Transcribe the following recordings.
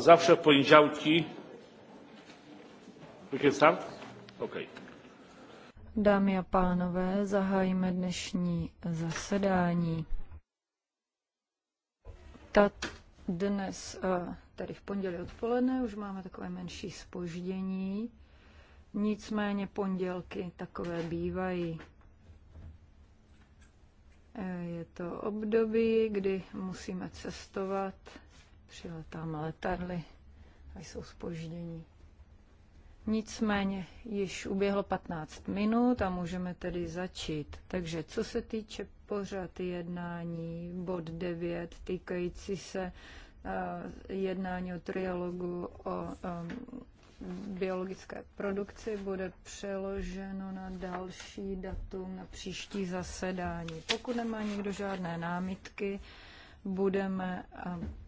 Zawsze w poniedziałki. Dámy a pánové, zahájíme dnešní zasedání. Ta dnes, tady v pondělí odpoledne, už máme takové menší spoždění. Nicméně pondělky takové bývají. E, je to období, kdy musíme cestovat přiletáme letadly a jsou spoždění. Nicméně již uběhlo 15 minut a můžeme tedy začít. Takže co se týče pořad jednání, bod 9 týkající se uh, jednání o trialogu o um, biologické produkci bude přeloženo na další datum na příští zasedání. Pokud nemá nikdo žádné námitky, budeme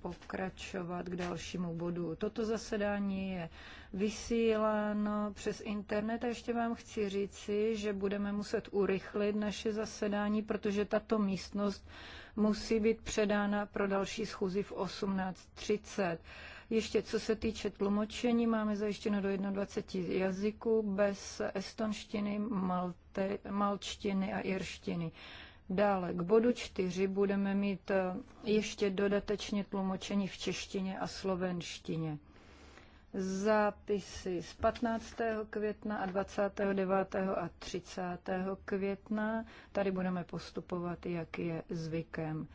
pokračovat k dalšímu bodu. Toto zasedání je vysíláno přes internet a ještě vám chci říci, že budeme muset urychlit naše zasedání, protože tato místnost musí být předána pro další schůzi v 18.30. Ještě co se týče tlumočení, máme zajištěno do 21 jazyků bez estonštiny, malte, malčtiny a irštiny. Dále k bodu čtyři budeme mít eh, ještě dodatečně tlumočení v češtině a slovenštině. Zápisy z 15. května a 29. a 30. května. Tady budeme postupovat, jak je zvykem.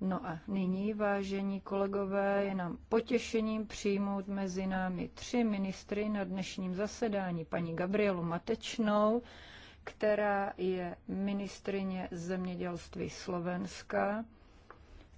No a nyní, vážení kolegové, je nám potěšením přijmout mezi námi tři ministry na dnešním zasedání. Paní Gabrielu Matečnou, která je ministrině zemědělství Slovenska.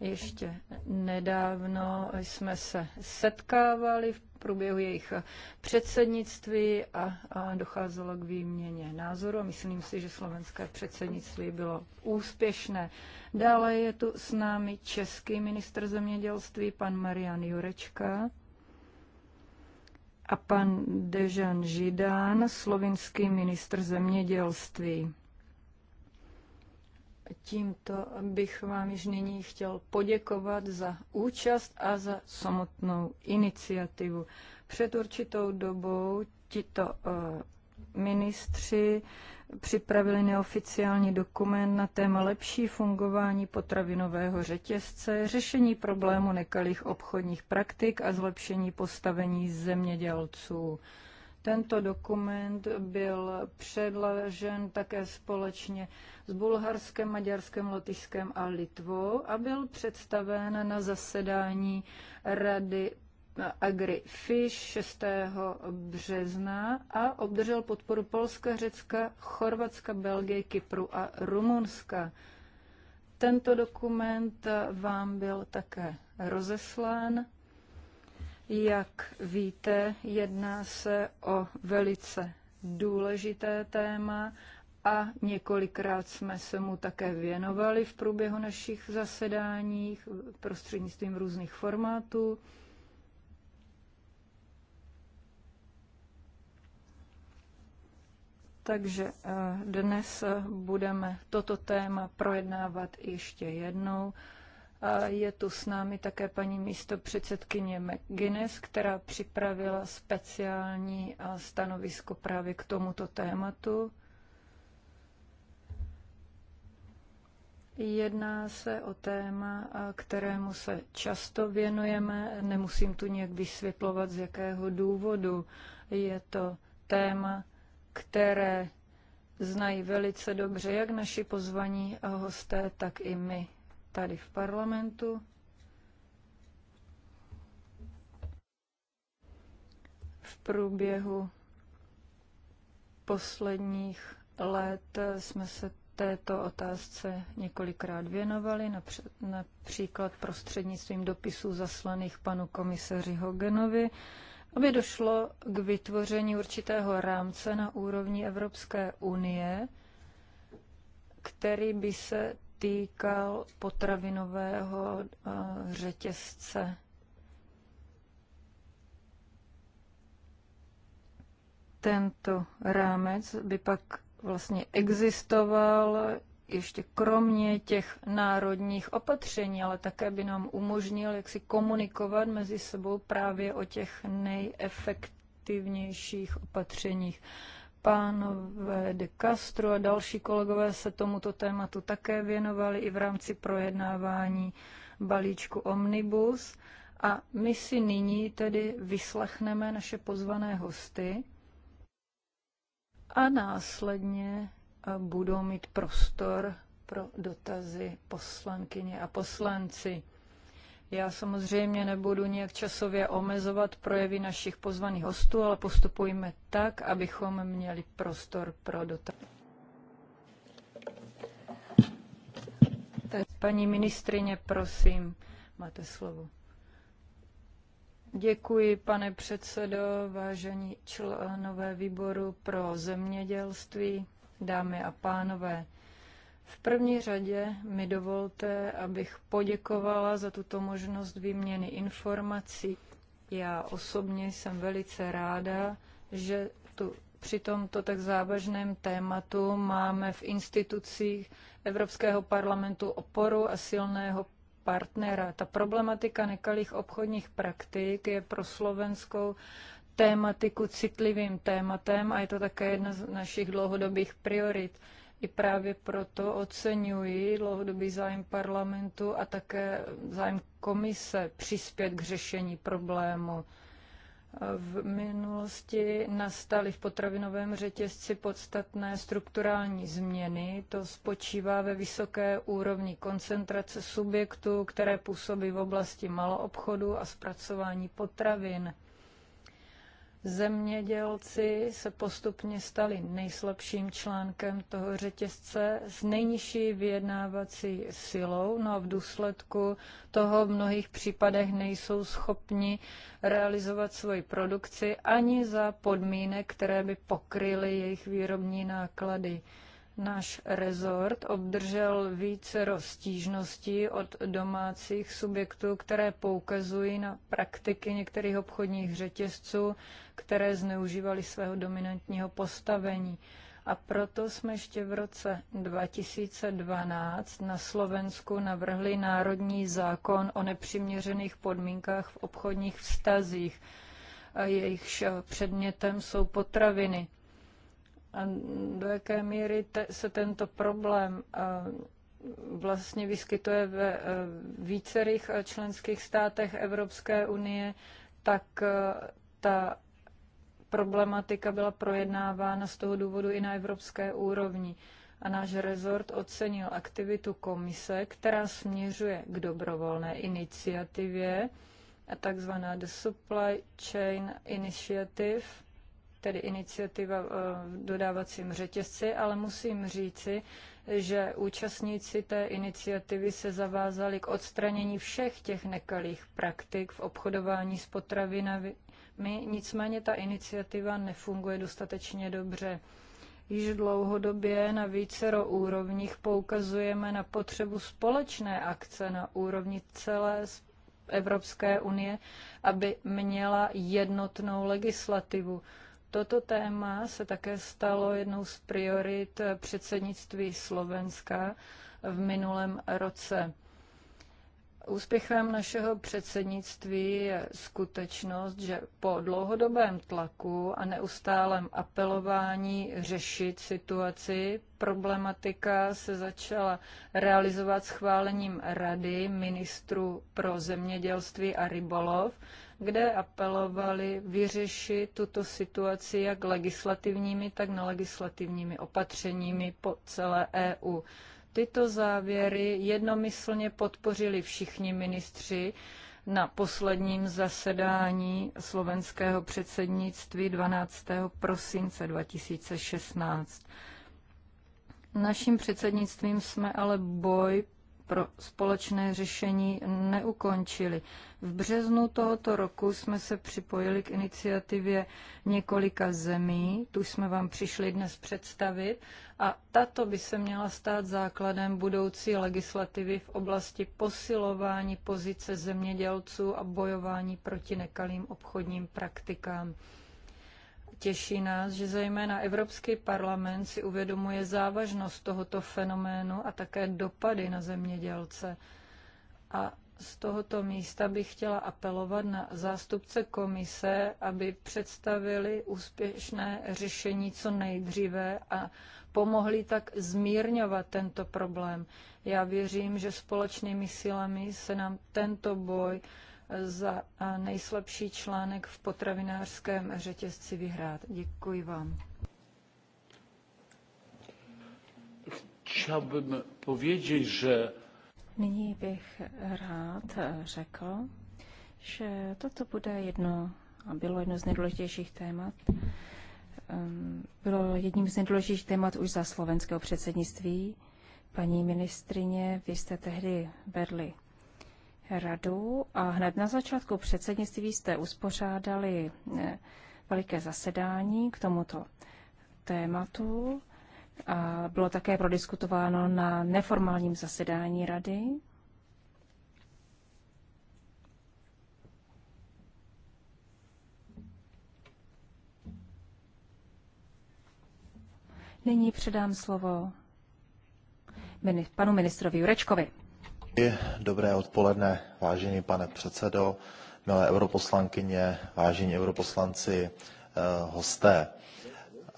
Ještě nedávno jsme se setkávali v průběhu jejich předsednictví a, a docházelo k výměně názoru. Myslím si, že slovenské předsednictví bylo úspěšné. Dále je tu s námi český minister zemědělství, pan Marian Jurečka a pan Dežan Židán, slovinský ministr zemědělství. Tímto bych vám již nyní chtěl poděkovat za účast a za samotnou iniciativu. Před určitou dobou tito eh, ministři připravili neoficiální dokument na téma lepší fungování potravinového řetězce, řešení problému nekalých obchodních praktik a zlepšení postavení zemědělců. Tento dokument byl předložen také společně s Bulharskem, Maďarskem, Lotyšskem a Litvou a byl představen na zasedání Rady Agri Fish 6. března a obdržel podporu Polska, Řecka, Chorvatska, Belgie, Kypru a Rumunska. Tento dokument vám byl také rozeslán. Jak víte, jedná se o velice důležité téma a několikrát jsme se mu také věnovali v průběhu našich zasedáních prostřednictvím různých formátů. Takže eh, dnes eh, budeme toto téma projednávat ještě jednou. Je tu s námi také paní místo předsedkyně McGuinness, která připravila speciální eh, stanovisko právě k tomuto tématu. Jedná se o téma, kterému se často věnujeme. Nemusím tu nějak vysvětlovat, z jakého důvodu je to téma, které znají velice dobře jak naši pozvaní a hosté, tak i my tady v parlamentu. V průběhu posledních let jsme se této otázce několikrát věnovali, například prostřednictvím dopisů zaslaných panu komisaři Hogenovi aby došlo k vytvoření určitého rámce na úrovni Evropské unie, který by se týkal potravinového eh, řetězce. Tento rámec by pak vlastně existoval ještě kromě těch národních opatření, ale také by nám umožnil, jak si komunikovat mezi sebou právě o těch nejefektivnějších opatřeních. Pánové de Castro a další kolegové se tomuto tématu také věnovali i v rámci projednávání balíčku Omnibus. A my si nyní tedy vyslechneme naše pozvané hosty a následně budou mít prostor pro dotazy poslankyně a poslanci. Já samozřejmě nebudu nějak časově omezovat projevy našich pozvaných hostů, ale postupujme tak, abychom měli prostor pro dotazy. Paní ministrině, prosím, máte slovo. Děkuji, pane předsedo, vážení členové výboru pro zemědělství dámy a pánové. V první řadě mi dovolte, abych poděkovala za tuto možnost výměny informací. Já osobně jsem velice ráda, že tu při tomto tak závažném tématu máme v institucích Evropského parlamentu oporu a silného partnera. Ta problematika nekalých obchodních praktik je pro slovenskou tématiku citlivým tématem a je to také jedna z našich dlouhodobých priorit. I právě proto oceňuji dlouhodobý zájem parlamentu a také zájem komise přispět k řešení problému. V minulosti nastaly v potravinovém řetězci podstatné strukturální změny. To spočívá ve vysoké úrovni koncentrace subjektů, které působí v oblasti maloobchodu a zpracování potravin. Zemědělci se postupně stali nejslabším článkem toho řetězce s nejnižší vyjednávací silou, no a v důsledku toho v mnohých případech nejsou schopni realizovat svoji produkci ani za podmínek, které by pokryly jejich výrobní náklady. Náš rezort obdržel více stížností od domácích subjektů, které poukazují na praktiky některých obchodních řetězců, které zneužívaly svého dominantního postavení. A proto jsme ještě v roce 2012 na Slovensku navrhli Národní zákon o nepřiměřených podmínkách v obchodních vztazích. A jejichž předmětem jsou potraviny do jaké míry te, se tento problém vlastně vyskytuje ve vícerých členských státech Evropské unie, tak ta problematika byla projednávána z toho důvodu i na evropské úrovni. A náš rezort ocenil aktivitu komise, která směřuje k dobrovolné iniciativě, takzvaná The Supply Chain Initiative, tedy iniciativa eh, v dodávacím řetězci, ale musím říci, že účastníci té iniciativy se zavázali k odstranění všech těch nekalých praktik v obchodování s potravinami. Nicméně ta iniciativa nefunguje dostatečně dobře. Již dlouhodobě na vícero úrovních poukazujeme na potřebu společné akce na úrovni celé Evropské unie, aby měla jednotnou legislativu. Toto téma se také stalo jednou z priorit předsednictví Slovenska v minulém roce. Úspěchem našeho předsednictví je skutečnost, že po dlouhodobém tlaku a neustálém apelování řešit situaci, problematika se začala realizovat schválením Rady ministru pro zemědělství a rybolov, kde apelovali vyřešit tuto situaci jak legislativními, tak nelegislativními opatřeními po celé EU. Tyto závěry jednomyslně podpořili všichni ministři na posledním zasedání slovenského předsednictví 12. prosince 2016. Naším předsednictvím jsme ale boj pro společné řešení neukončili. V březnu tohoto roku jsme se připojili k iniciativě několika zemí, tu jsme vám přišli dnes představit, a tato by se měla stát základem budoucí legislativy v oblasti posilování pozice zemědělců a bojování proti nekalým obchodním praktikám. Těší nás, že zejména Evropský parlament si uvědomuje závažnost tohoto fenoménu a také dopady na zemědělce. A z tohoto místa bych chtěla apelovat na zástupce komise, aby představili úspěšné řešení co nejdříve a pomohli tak zmírňovat tento problém. Já věřím, že společnými silami se nám tento boj za nejslabší článek v potravinářském řetězci vyhrát. Děkuji vám. Chciałbym powiedzieć, že... Nyní bych rád eh, řekl, že toto bude jedno a bylo jedno z nejdůležitějších témat. Ehm, bylo jedním z nejdůležitějších témat už za slovenského předsednictví. Paní ministrině, vy jste tehdy vedli radu a hned na začátku předsednictví jste uspořádali eh, veliké zasedání k tomuto tématu. A bylo také prodiskutováno na neformálním zasedání rady. Nyní předám slovo panu ministrovi Jurečkovi. Dobré odpoledne, vážený pane předsedo, milé europoslankyně, vážení europoslanci, eh, hosté.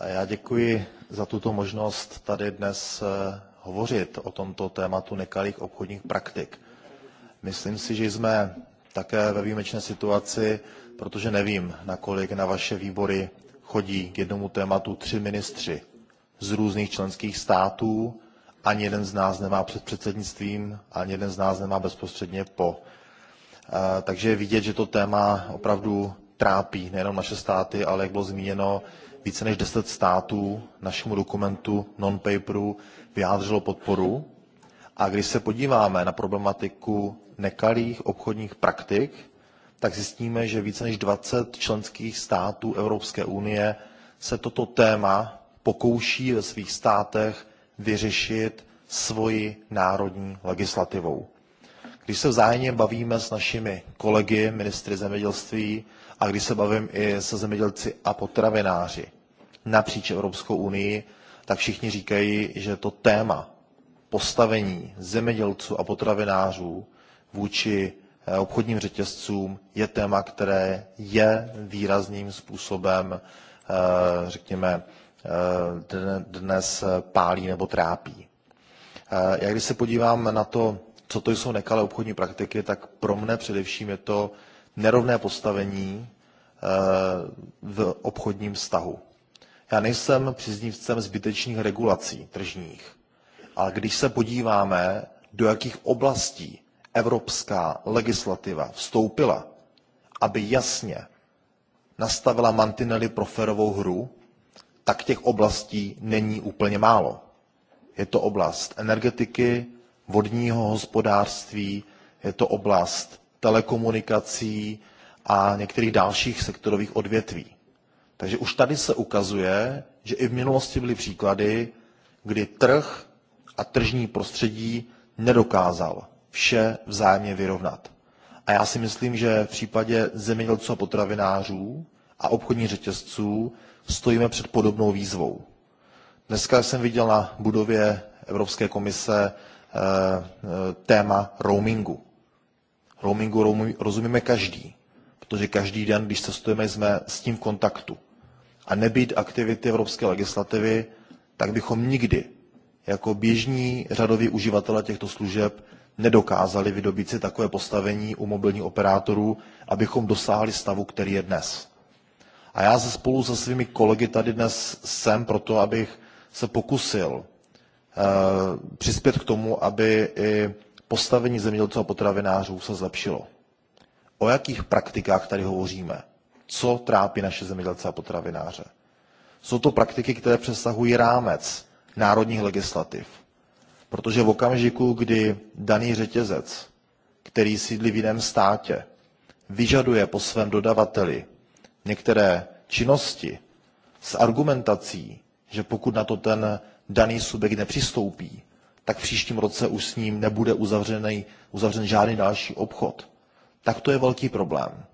Já děkuji za tuto možnost tady dnes eh, hovořit o tomto tématu nekalých obchodních praktik. Myslím si, že jsme také ve výjimečné situaci, protože nevím, nakolik na vaše výbory chodí k jednomu tématu tři ministři z různých členských států, ani jeden z nás nemá před předsednictvím, ani jeden z nás nemá bezprostředně po. Eh, takže je vidět, že to téma opravdu trápí nejenom naše státy, ale jak bylo zmíněno, více než 10 států našemu dokumentu non-paperu vyjádřilo podporu. A když se podíváme na problematiku nekalých obchodních praktik, tak zjistíme, že více než 20 členských států Evropské unie se toto téma pokouší ve svých státech vyřešit svoji národní legislativou. Když se vzájemně bavíme s našimi kolegy, ministry zemědělství, a když se bavím i se zemědělci a potravináři napříč Evropskou unii, tak všichni říkají, že to téma postavení zemědělců a potravinářů vůči eh, obchodním řetězcům je téma, které je výrazným způsobem, eh, řekněme, Eh, dnes eh, pálí nebo trápí. Eh, Já když se podívám na to, co to jsou nekalé obchodní praktiky, tak pro mne především je to nerovné postavení v obchodním vztahu. Já nejsem příznivcem zbytečných regulací tržních, ale když se podíváme, do jakých oblastí evropská legislativa vstoupila, aby jasně nastavila mantinely pro férovou hru, tak těch oblastí není úplně málo. Je to oblast energetiky, vodního hospodářství, je to oblast telekomunikací a některých dalších sektorových odvětví. Takže už tady se ukazuje, že i v minulosti byly příklady, kdy trh a tržní prostředí nedokázal vše vzájemně vyrovnat. A já si myslím, že v případě zemědělců a potravinářů a obchodních řetězců stojíme před podobnou výzvou. Dneska jsem viděl na budově Evropské komise eh, eh, téma roamingu. Roamingu rozumíme každý, protože každý den, když cestujeme, jsme s tím v kontaktu. A nebýt aktivity evropské legislativy, tak bychom nikdy jako běžní řadoví uživatelé těchto služeb nedokázali vydobít si takové postavení u mobilních operátorů, abychom dosáhli stavu, který je dnes. A já se spolu se svými kolegy tady dnes jsem proto, abych se pokusil eh, přispět k tomu, aby i postavení zemědělců a potravinářů se zlepšilo. O jakých praktikách tady hovoříme? Co trápí naše zemědělce a potravináře? Jsou to praktiky, které přesahují rámec národních legislativ. Protože v okamžiku, kdy daný řetězec, který sídlí v jiném státě, vyžaduje po svém dodavateli některé činnosti s argumentací, že pokud na to ten daný subjekt nepřistoupí, tak v příštím roce už s ním nebude uzavřený, uzavřen žádný další obchod, tak to je velký problém.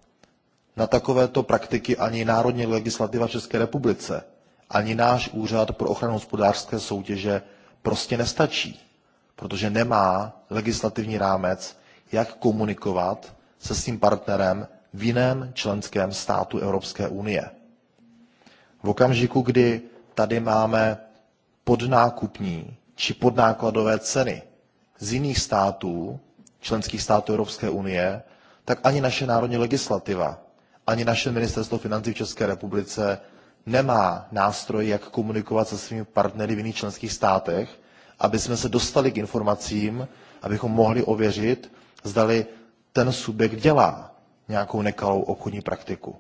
Na takovéto praktiky ani národní legislativa České republice, ani náš úřad pro ochranu hospodářské soutěže prostě nestačí, protože nemá legislativní rámec, jak komunikovat se svým partnerem v jiném členském státu Evropské unie. V okamžiku, kdy tady máme podnákupní či podnákladové ceny z jiných států, členských států Evropské unie, tak ani naše národní legislativa, ani naše ministerstvo financí v České republice nemá nástroj, jak komunikovat se svými partnery v jiných členských státech, aby jsme se dostali k informacím, abychom mohli ověřit, zdali ten subjekt dělá nějakou nekalou obchodní praktiku.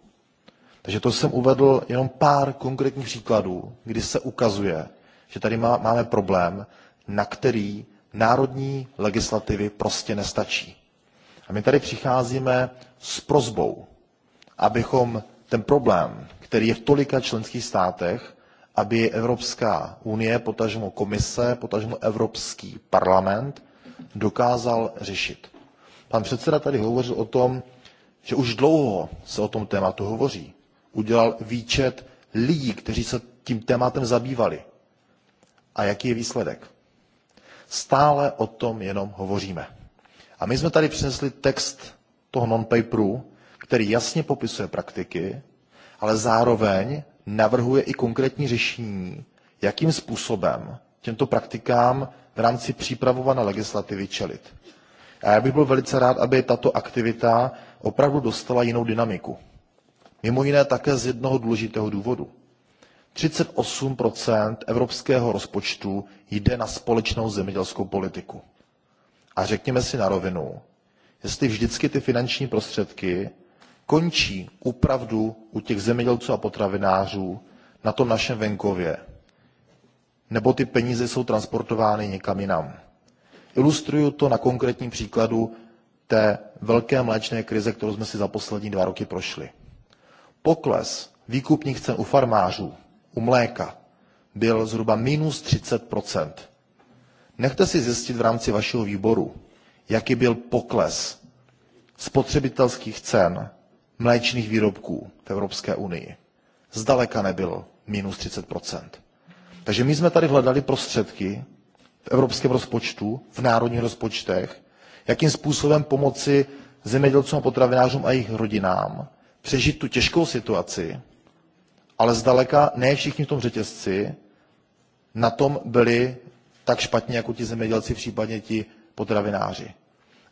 Takže to jsem uvedl jenom pár konkrétních příkladů, kdy se ukazuje, že tady má, máme problém, na který národní legislativy prostě nestačí. A my tady přicházíme s prozbou, abychom ten problém, který je v tolika členských státech, aby Evropská unie, potažmo komise, potažmo Evropský parlament dokázal řešit. Pan předseda tady hovořil o tom, že už dlouho se o tom tématu hovoří. Udělal výčet lidí, kteří se tím tématem zabývali. A jaký je výsledek? Stále o tom jenom hovoříme. A my jsme tady přinesli text toho non-paperu, který jasně popisuje praktiky, ale zároveň navrhuje i konkrétní řešení, jakým způsobem těmto praktikám v rámci přípravované legislativy čelit. A já bych byl velice rád, aby tato aktivita opravdu dostala jinou dynamiku. Mimo jiné také z jednoho důležitého důvodu. 38 evropského rozpočtu jde na společnou zemědělskou politiku. A řekněme si na rovinu, jestli vždycky ty finanční prostředky končí upravdu u těch zemědělců a potravinářů na tom našem venkově, nebo ty peníze jsou transportovány někam jinam. Ilustruju to na konkrétním příkladu té velké mléčné krize, kterou jsme si za poslední dva roky prošli. Pokles výkupních cen u farmářů, u mléka, byl zhruba minus 30 Nechte si zjistit v rámci vašeho výboru, jaký byl pokles spotřebitelských cen mléčných výrobků v Evropské unii. Zdaleka nebyl minus 30 Takže my jsme tady hledali prostředky v evropském rozpočtu, v národních rozpočtech, jakým způsobem pomoci zemědělcům a potravinářům a jejich rodinám přežít tu těžkou situaci, ale zdaleka ne všichni v tom řetězci na tom byli tak špatně jako ti zemědělci, případně ti potravináři.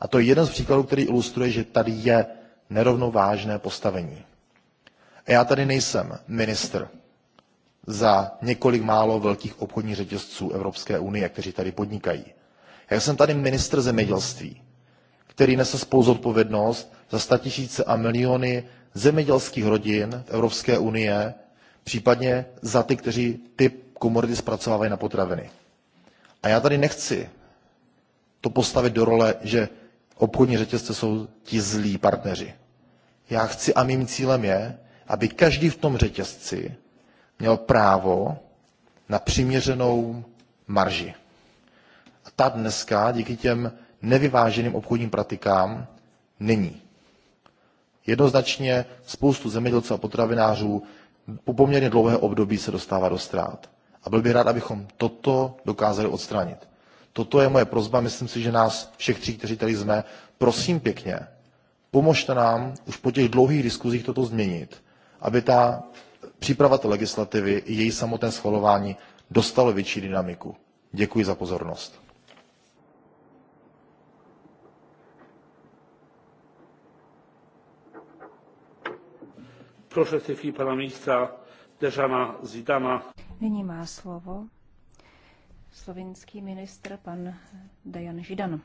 A to je jeden z příkladů, který ilustruje, že tady je nerovnovážné postavení. A já tady nejsem ministr za několik málo velkých obchodních řetězců Evropské unie, kteří tady podnikají. Já jsem tady ministr zemědělství, který nese spoluzodpovědnost za statisíce a miliony zemědělských rodin v Evropské unie, případně za ty, kteří ty komodity zpracovávají na potraviny. A já tady nechci to postavit do role, že obchodní řetězce jsou ti zlí partneři. Já chci a mým cílem je, aby každý v tom řetězci měl právo na přiměřenou marži. A ta dneska díky těm nevyváženým obchodním praktikám není. Jednoznačně spoustu zemědělců a potravinářů po poměrně dlouhé období se dostává do ztrát. A byl bych rád, abychom toto dokázali odstranit. Toto je moje prozba, myslím si, že nás všech tří, kteří tady jsme, prosím pěkně, pomožte nám už po těch dlouhých diskuzích toto změnit, aby ta příprava té legislativy i její samotné schvalování dostalo větší dynamiku. Děkuji za pozornost. Proszę w tej chwili pana ministra Dežana Zidana. Nyní má slovo slovinský ministr pan Dejan Židan.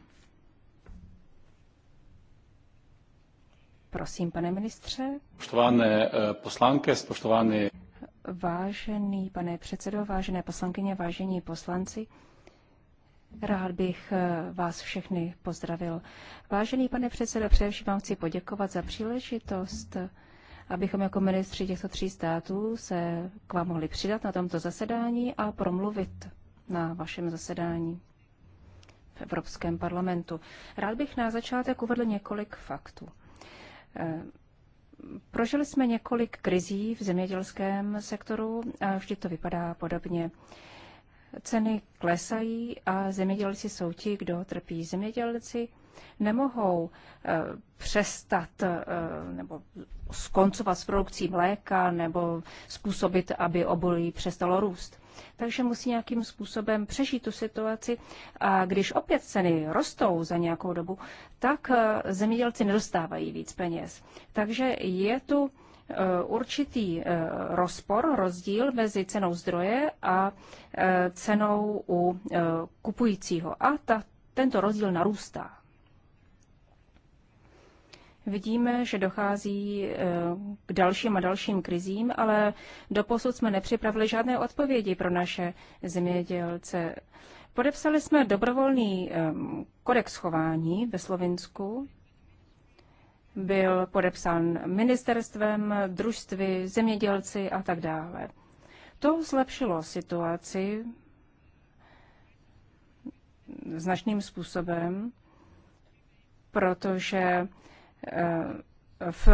Prosím, pane ministře. Poštované poslanky, spoštované. Eh, Vážený pane předsedo, vážené poslankyně, vážení poslanci, Rád bych eh, vás všechny pozdravil. Vážený pane předsedo, především vám chci poděkovat za příležitost abychom jako ministři těchto tří států se k vám mohli přidat na tomto zasedání a promluvit na vašem zasedání v Evropském parlamentu. Rád bych na začátek uvedl několik faktů. Eh, prožili jsme několik krizí v zemědělském sektoru a vždy to vypadá podobně. Ceny klesají a zemědělci jsou ti, kdo trpí. Zemědělci nemohou eh, přestat eh, nebo skoncovat s produkcí mléka nebo způsobit, aby obolí přestalo růst. Takže musí nějakým způsobem přežít tu situaci a když opět ceny rostou za nějakou dobu, tak eh, zemědělci nedostávají víc peněz. Takže je tu určitý rozpor, rozdíl mezi cenou zdroje a cenou u kupujícího. A ta, tento rozdíl narůstá. Vidíme, že dochází eh, k dalším a dalším krizím, ale doposud jsme nepřipravili žádné odpovědi pro naše zemědělce. Podepsali jsme dobrovolný eh, kodex chování ve Slovinsku. Byl podepsán ministerstvem, družstvy, zemědělci a tak dále. To zlepšilo situaci značným způsobem, protože Eh, v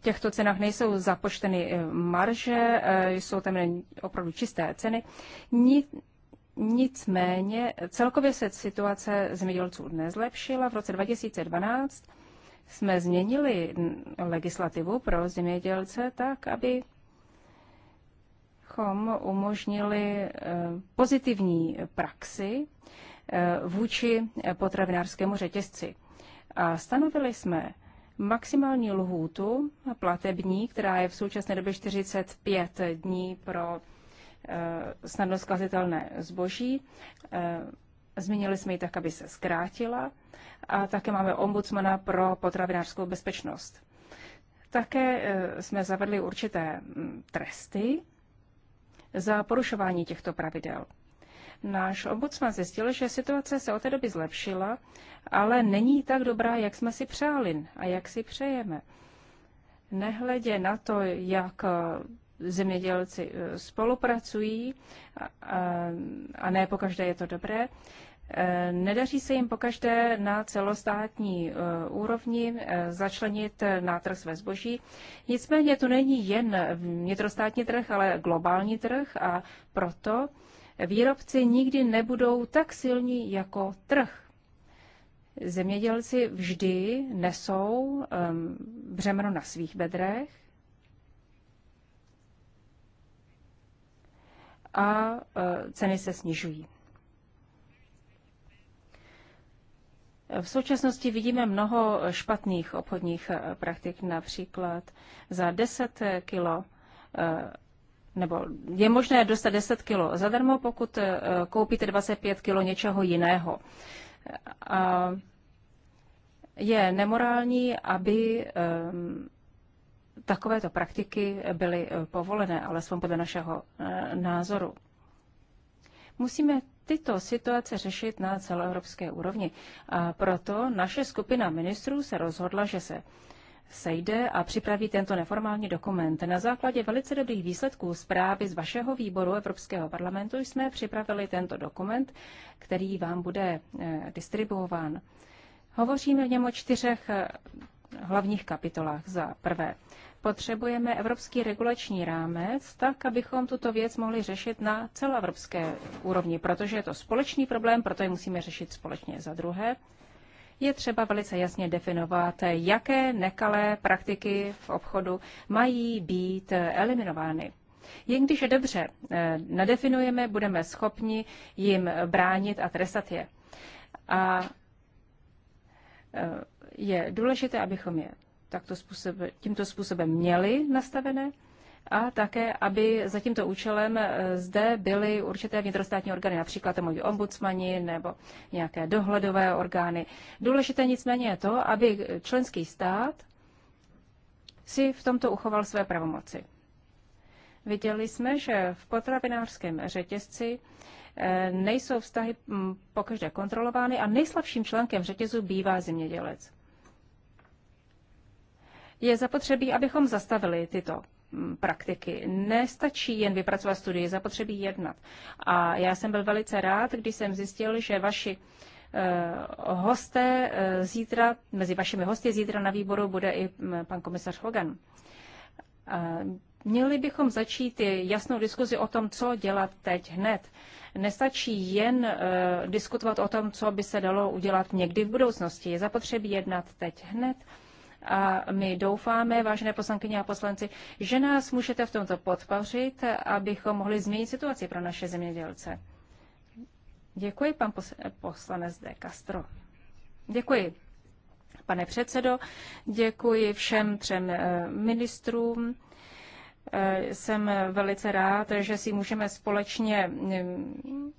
těchto cenách nejsou započteny eh, marže, eh, jsou tam opravdu čisté ceny. Nicméně celkově se situace zemědělců nezlepšila. V roce 2012 jsme změnili legislativu pro zemědělce tak, aby umožnili pozitivní praxi vůči potravinářskému řetězci. A stanovili jsme maximální lhůtu platební, která je v současné době 45 dní pro eh, snadno zkazitelné zboží. Eh, Změnili jsme ji tak, aby se zkrátila. A také máme ombudsmana pro potravinářskou bezpečnost. Také eh, jsme zavedli určité mm, tresty za porušování těchto pravidel. Náš ombudsman zjistil, že situace se od té doby zlepšila, ale není tak dobrá, jak jsme si přáli a jak si přejeme. Nehledě na to, jak eh, zemědělci eh, spolupracují a, a, a ne pokaždé je to dobré, eh, Nedaří se jim pokaždé na celostátní úrovni začlenit na trh své zboží. Nicméně to není jen vnitrostátní trh, ale globální trh a proto výrobci nikdy nebudou tak silní jako trh. Zemědělci vždy nesou um, břemeno na svých bedrech a uh, ceny se snižují. V současnosti vidíme mnoho špatných obchodních uh, praktik, například za 10 kilo uh, nebo je možné dostat 10 kilo zadarmo, pokud eh, koupíte 25 kilo něčeho jiného. A je nemorální, aby eh, takovéto praktiky byly eh, povolené, alespoň podle našeho názoru. Musíme tyto situace řešit na celoevropské úrovni. A proto naše skupina ministrů se rozhodla, že se sejde a připraví tento neformální dokument. Na základě velice dobrých výsledků zprávy z vašeho výboru Evropského parlamentu jsme připravili tento dokument, který vám bude eh, distribuován. Hovoříme v něm o čtyřech eh, hlavních kapitolách. Za prvé, potřebujeme evropský regulační rámec, tak abychom tuto věc mohli řešit na celoevropské úrovni, protože je to společný problém, proto je musíme řešit společně. Za druhé, je třeba velice jasně definovat, jaké nekalé praktiky v obchodu mají být eh, eliminovány. Jen když je dobře eh, nadefinujeme, budeme schopni jim bránit a trestat je. A eh, je důležité, abychom je takto způsob, tímto způsobem měli nastavené a také, aby za tímto účelem eh, zde byly určité vnitrostátní orgány, například moji ombudsmani nebo nějaké dohledové orgány. Důležité nicméně je to, aby členský stát si v tomto uchoval své pravomoci. Viděli jsme, že v potravinářském řetězci eh, nejsou vztahy mm, pokaždé kontrolovány a nejslabším členkem řetězu bývá zemědělec. Je zapotřebí, abychom zastavili tyto Mm, praktiky. Nestačí jen vypracovat studii, zapotřebí jednat. A já jsem byl velice rád, když jsem zjistil, že vaši eh, hosté eh, zítra, mezi vašimi hosty zítra na výboru bude i mm, pan komisař Hogan. Měli bychom začít jasnou diskuzi o tom, co dělat teď hned. Nestačí jen uh, diskutovat o tom, co by se dalo udělat někdy v budoucnosti. Je zapotřebí jednat teď hned. Uh, a my doufáme, vážené poslankyně a poslanci, že nás můžete v tomto podpořit, abychom mohli změnit situaci pro naše zemědělce. Děkuji, pan poslanec De Castro. Děkuji. Pane předsedo, děkuji všem třem eh, ministrům. Eh, jsem velice rád, že si můžeme společně mm,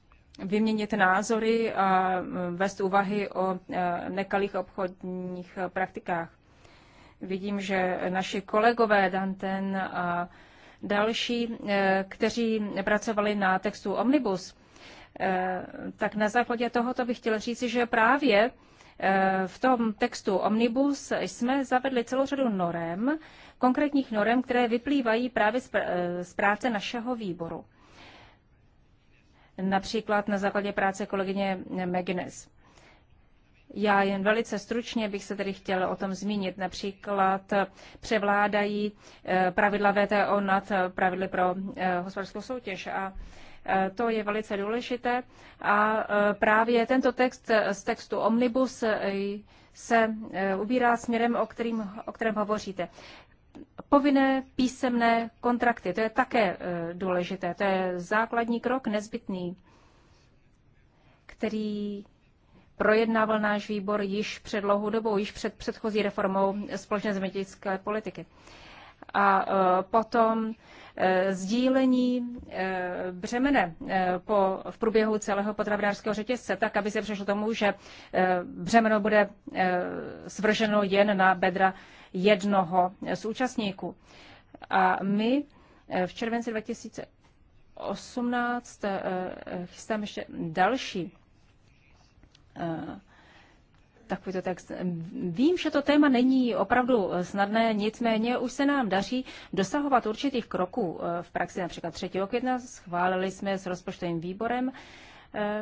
vyměnit názory a mm, vést úvahy o eh, nekalých obchodních praktikách. Vidím, že naši kolegové Danten a další, eh, kteří pracovali na textu Omnibus, eh, tak na základě tohoto bych chtěl říci, že právě eh, v tom textu Omnibus jsme zavedli celou řadu norem, konkrétních norem, které vyplývají právě z práce našeho výboru. Například na základě práce kolegyně Megines. Já jen velice stručně bych se tedy chtěl o tom zmínit. Například převládají eh, pravidla VTO nad eh, pravidly pro eh, hospodářskou soutěž a to je velice důležité. A právě tento text z textu Omnibus se ubírá směrem, o, kterým, o kterém hovoříte. Povinné písemné kontrakty, to je také důležité, to je základní krok nezbytný, který projednával náš výbor již před dlouhou dobou, již před předchozí reformou společné zemědělské politiky. A e, potom e, sdílení e, břemene po, v průběhu celého potravinářského řetězce, tak aby se přešlo tomu, že břemeno bude svrženo jen na bedra jednoho z účastníků. A my v červenci 2018 chystáme ještě další Eh, to text. Vím, že to téma není opravdu eh, snadné, nicméně už se nám daří dosahovat určitých kroků eh, v praxi. Například 3. května schválili jsme s rozpočtovým výborem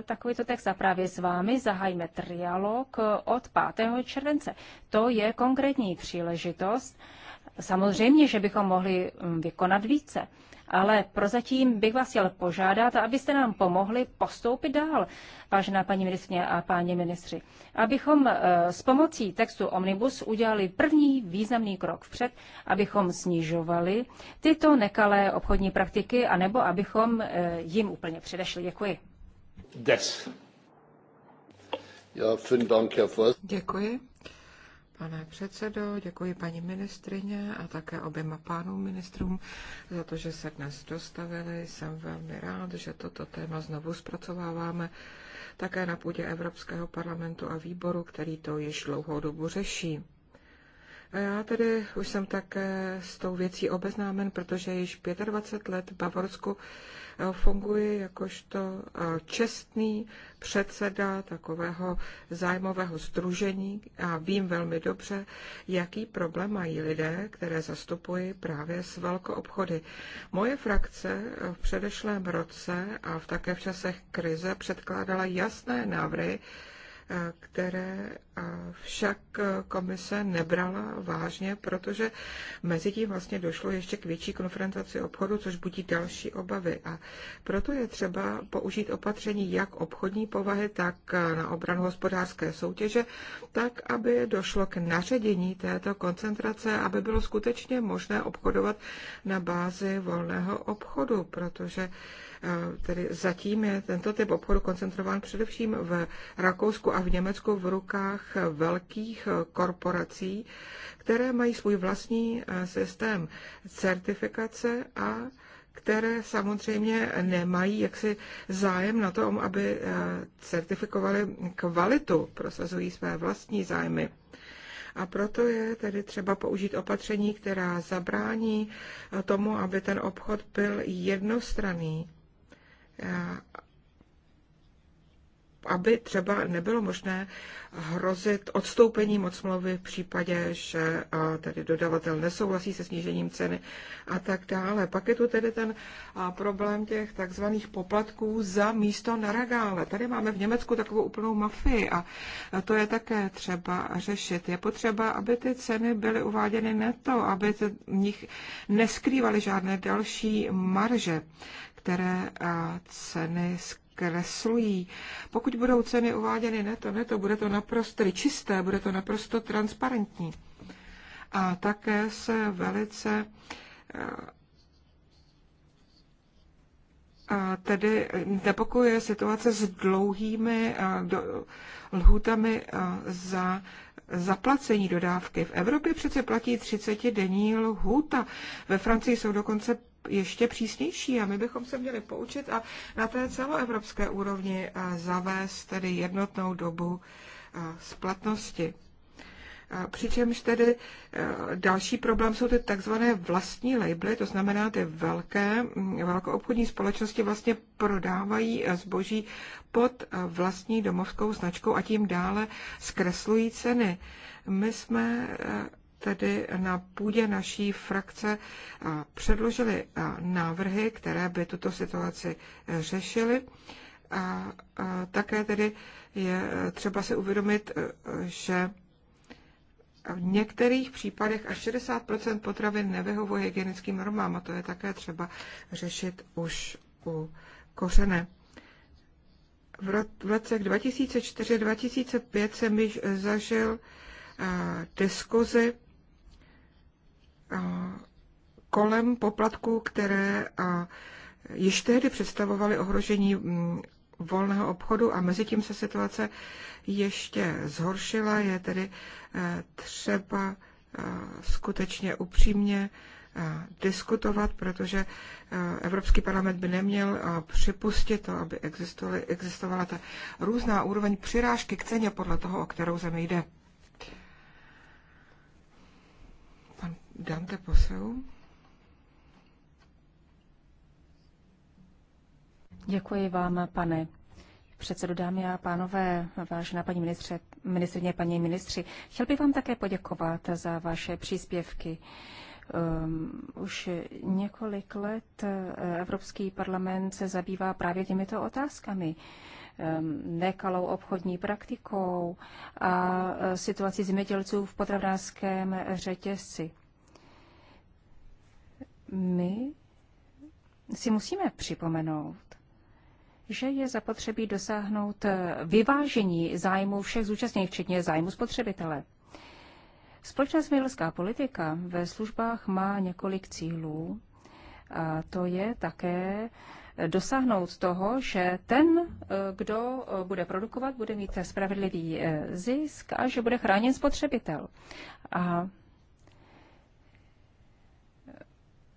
takovýto text a právě s vámi zahajíme trialog od 5. července. To je konkrétní příležitost. Samozřejmě, že bychom mohli hm, vykonat více ale prozatím bych vás chtěl požádat, abyste nám pomohli postoupit dál, vážená paní ministrně a páni ministři, abychom eh, s pomocí textu Omnibus udělali první významný krok vpřed, abychom snižovali tyto nekalé obchodní praktiky, anebo abychom eh, jim úplně předešli. Děkuji. Des. Děkuji pane předsedo, děkuji paní ministrině a také oběma pánům ministrům za to, že se dnes dostavili. Jsem velmi rád, že toto téma znovu zpracováváme také na půdě Evropského parlamentu a výboru, který to již dlouhou dobu řeší já tedy už jsem také s tou věcí obeznámen, protože již 25 let v Bavorsku eh, funguji jakožto eh, čestný předseda takového zájmového združení a vím velmi dobře, jaký problém mají lidé, které zastupují právě s velkoobchody. Moje frakce eh, v předešlém roce a v také v časech krize předkládala jasné návrhy, Eh, které však eh, komise nebrala vážně, protože mezi tím vlastně došlo ještě k větší konfrontaci obchodu, což budí další obavy. A proto je třeba použít opatření jak obchodní povahy, tak eh, na obranu hospodářské soutěže, tak, aby došlo k naředění této koncentrace, aby bylo skutečně možné obchodovat na bázi volného obchodu, protože Eh, tedy zatím je tento typ obchodu koncentrován především v Rakousku a v Německu v rukách velkých eh, korporací, které mají svůj vlastní eh, systém certifikace a které samozřejmě nemají jaksi zájem na tom, aby certifikovaly kvalitu, prosazují své vlastní zájmy. A proto je tedy třeba použít opatření, která zabrání tomu, aby ten obchod byl jednostranný aby třeba nebylo možné hrozit odstoupením od smlouvy v případě, že tedy dodavatel nesouhlasí se snížením ceny a tak dále. Pak je tu tedy ten problém těch takzvaných poplatků za místo na regále. Tady máme v Německu takovou úplnou mafii a to je také třeba řešit. Je potřeba, aby ty ceny byly uváděny neto, aby v nich neskrývaly žádné další marže které ceny zkreslují. Pokud budou ceny uváděny ne to, ne to, bude to naprosto čisté, bude to naprosto transparentní. A také se velice a tedy nepokojuje situace s dlouhými do, lhůtami za zaplacení dodávky. V Evropě přece platí 30-denní lhůta. Ve Francii jsou dokonce ještě přísnější a my bychom se měli poučit a na té celoevropské úrovni eh, zavést tedy jednotnou dobu eh, splatnosti. Eh, přičemž tedy další problém jsou ty takzvané vlastní labely, to znamená ty velké, mm, velkou obchodní společnosti vlastně prodávají zboží pod vlastní domovskou značkou a tím dále zkreslují ceny. My jsme tedy na půdě naší frakce předložili návrhy, které by tuto situaci e, řešily. A také tedy je e, třeba si uvědomit, e, že v některých případech až 60 potravin nevyhovuje hygienickým normám a to je také třeba řešit už u kořene. V roce 2004-2005 jsem již zažil diskuzi kolem poplatků, které již tehdy představovaly ohrožení mm, volného obchodu a mezi tím se situace ještě zhoršila, je tedy e, třeba e, skutečně upřímně e, diskutovat, protože Evropský parlament by neměl připustit to, aby existovala ta různá úroveň přirážky k ceně podle toho, o kterou zemi jde. Dante Poseu. Děkuji vám, pane předsedo, dámy a pánové, vážená paní ministře, ministrině, paní ministři. Chtěl bych vám také poděkovat za vaše příspěvky. Um, už několik let eh, Evropský parlament se zabývá právě těmito otázkami um, nekalou obchodní praktikou a eh, situací zemědělců v potravinářském řetězci my si musíme připomenout, že je zapotřebí dosáhnout vyvážení zájmu všech zúčastněných, včetně zájmu spotřebitele. Společná zemědělská politika ve službách má několik cílů a to je také dosáhnout toho, že ten, kdo bude produkovat, bude mít spravedlivý zisk a že bude chráněn spotřebitel. A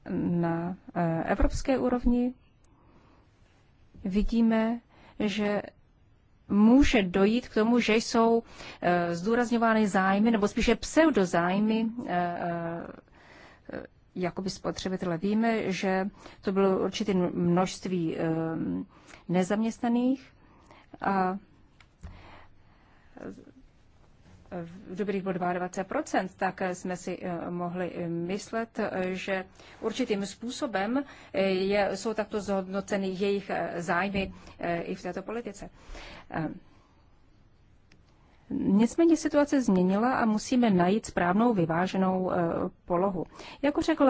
na eh, evropské úrovni vidíme, že může dojít k tomu, že jsou eh, zdůrazňovány zájmy, nebo spíše pseudozájmy eh, jakoby spotřebitele. Víme, že to bylo určité množství nezaměstnaných a v dobrých bylo 22%, tak jsme si eh, mohli eh, myslet, eh, že určitým způsobem je, jsou takto zhodnoceny jejich zájmy i v této politice. Nicméně situace změnila a musíme najít správnou vyváženou polohu. Jako řekl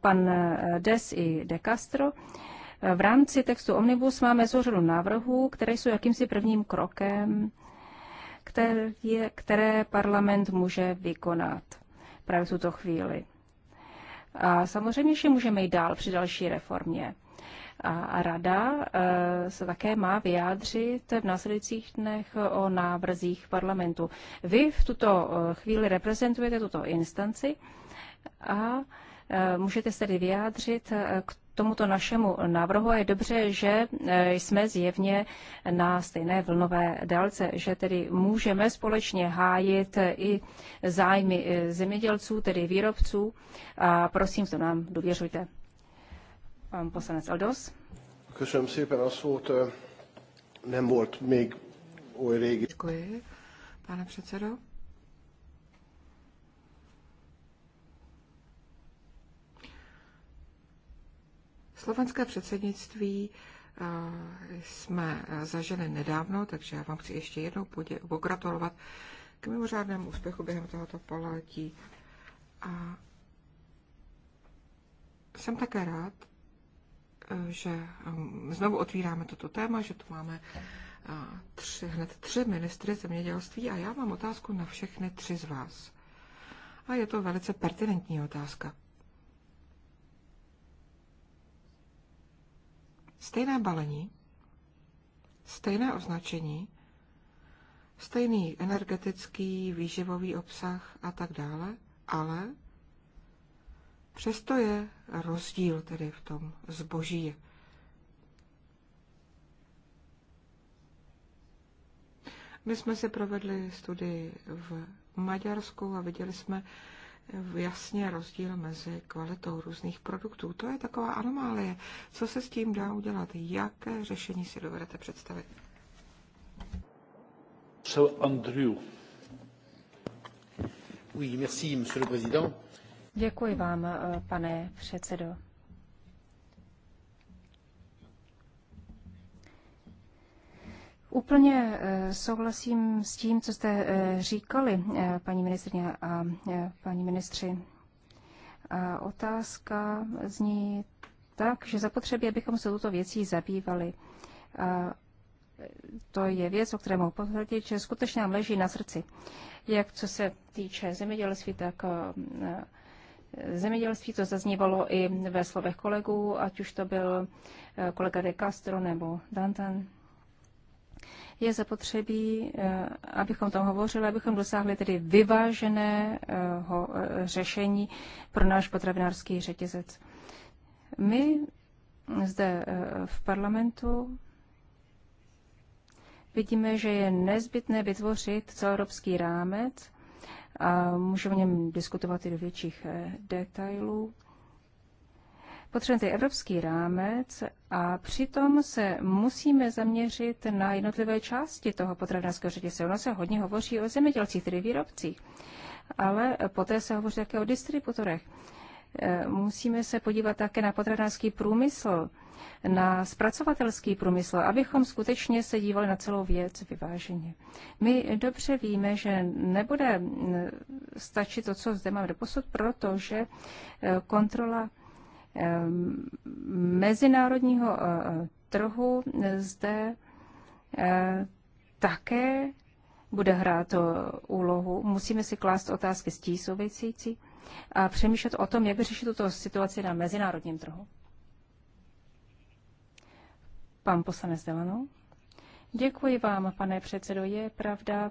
pan Des i De Castro, v rámci textu Omnibus máme souřadu návrhů, které jsou jakýmsi prvním krokem které, které parlament může vykonat právě v tuto chvíli. A samozřejmě, že můžeme jít dál při další reformě. A rada e, se také má vyjádřit v následujících dnech o návrzích parlamentu. Vy v tuto e, chvíli reprezentujete tuto instanci a e, můžete se tedy vyjádřit k tomuto našemu návrhu a je dobře, že e, jsme zjevně na stejné vlnové délce, že tedy můžeme společně hájit i zájmy e, zemědělců, tedy výrobců a prosím, to nám důvěřujte. Pan poslanec Aldos. E, Děkuji, pane předsedo. Slovenské předsednictví eh, jsme eh, zažili nedávno, takže já vám chci ještě jednou pogratulovat k mimořádnému úspěchu během tohoto poletí. A jsem také rád, eh, že hm, znovu otvíráme toto téma, že tu máme tři, hned tři ministry zemědělství a já mám otázku na všechny tři z vás. A je to velice pertinentní otázka. stejné balení, stejné označení, stejný energetický, výživový obsah a tak dále, ale přesto je rozdíl tedy v tom zboží. My jsme si provedli studii v Maďarsku a viděli jsme, jasně rozdíl mezi kvalitou různých produktů. To je taková anomálie. Co se s tím dá udělat? Jaké řešení si dovedete představit? So Andrew. Oui, merci, monsieur le président. Děkuji vám, eh, pane předsedo. Úplně eh, souhlasím s tím, co jste eh, říkali, eh, paní ministrně a paní ministři. A otázka zní tak, že zapotřebí, abychom se tuto věcí zabývali. A to je věc, o které mohu potvrdit, že skutečně nám leží na srdci. Jak co se týče zemědělství, tak zemědělství, to zaznívalo i ve slovech kolegů, ať už to byl kolega De Castro nebo Dantan je zapotřebí, eh, abychom tam hovořili, abychom dosáhli tedy vyváženého eh, řešení pro náš potravinářský řetězec. My zde eh, v parlamentu vidíme, že je nezbytné vytvořit celoevropský rámec a můžeme o něm diskutovat i do větších detailů. Potřebujeme evropský rámec a přitom se musíme zaměřit na jednotlivé části toho potravinářského řetězce. Ono se hodně hovoří o zemědělcích, tedy výrobcích, ale poté se hovoří také o distributorech. Eh, musíme se podívat také na potravinářský průmysl, na zpracovatelský průmysl, abychom skutečně se dívali na celou věc vyváženě. My dobře víme, že nebude eh, stačit to, co zde máme doposud, protože eh, kontrola mezinárodního eh, eh, trhu eh, zde také bude hrát úlohu. Musíme si klást otázky s tí související a přemýšlet o tom, jak řešit tuto situaci na mezinárodním trhu. Pan poslanec Delano. Děkuji vám, pane předsedo. Je pravda,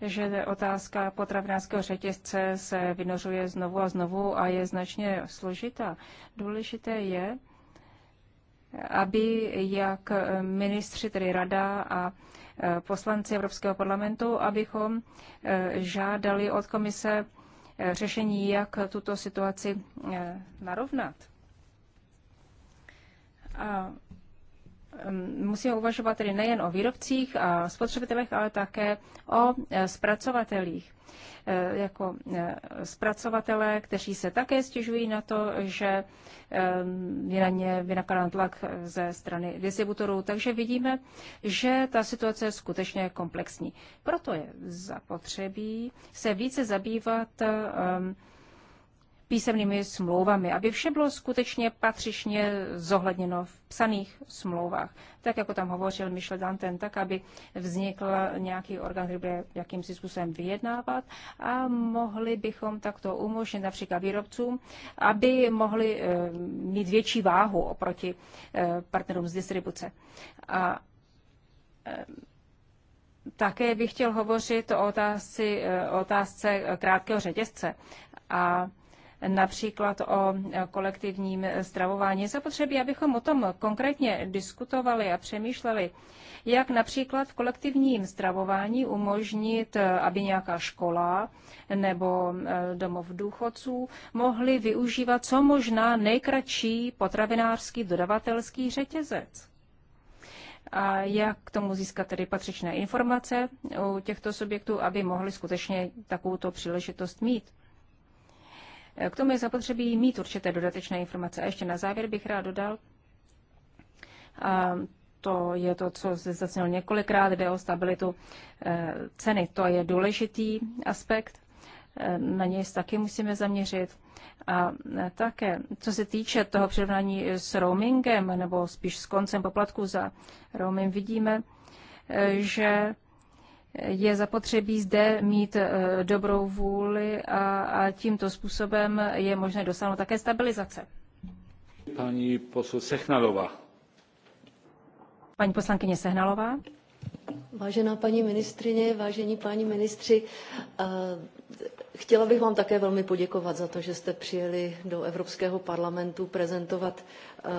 že otázka potravinářského řetězce se vynořuje znovu a znovu a je značně složitá. Důležité je, aby jak ministři, tedy rada a e, poslanci Evropského parlamentu, abychom e, žádali od komise e, řešení, jak tuto situaci narovnat. A Ehm, musíme uvažovat tedy nejen o výrobcích a spotřebitelech, ale také o eh, zpracovatelích. Eh, jako eh, zpracovatele, kteří se také stěžují na to, že ehm, je na ně vynakladán tlak ze strany distributorů. Takže vidíme, že ta situace je skutečně komplexní. Proto je zapotřebí se více zabývat ehm, písemnými smlouvami, aby vše bylo skutečně patřičně zohledněno v psaných smlouvách. Tak, jako tam hovořil Michel Danten, tak, aby vznikl nějaký orgán, který bude jakýmsi způsobem vyjednávat a mohli bychom takto umožnit například výrobcům, aby mohli e, mít větší váhu oproti e, partnerům z distribuce. A e, také bych chtěl hovořit o otázce, o otázce krátkého řetězce. A například o e, kolektivním e, stravování. Zapotřebí, abychom o tom konkrétně diskutovali a přemýšleli, jak například v kolektivním stravování umožnit, e, aby nějaká škola nebo domov důchodců mohli využívat co možná nejkratší potravinářský dodavatelský řetězec a jak k tomu získat tedy patřičné informace u těchto subjektů, aby mohli skutečně takovouto příležitost mít. Eh, k tomu je zapotřebí mít určité dodatečné informace. A ještě na závěr bych rád dodal, a to je to, co se zaznělo několikrát, jde o stabilitu eh, ceny. To je důležitý aspekt, eh, na něj se taky musíme zaměřit. A také, co se týče toho přirovnání s roamingem, nebo spíš s koncem poplatku za roaming, vidíme, že je zapotřebí zde mít eh, dobrou vůli a, a tímto způsobem je možné dosáhnout také stabilizace. Paní posl Sechnalová. Paní poslankyně Sehnalová. Vážená paní ministrině, vážení páni ministři, eh, chtěla bych vám také velmi poděkovat za to, že jste přijeli do Evropského parlamentu prezentovat eh,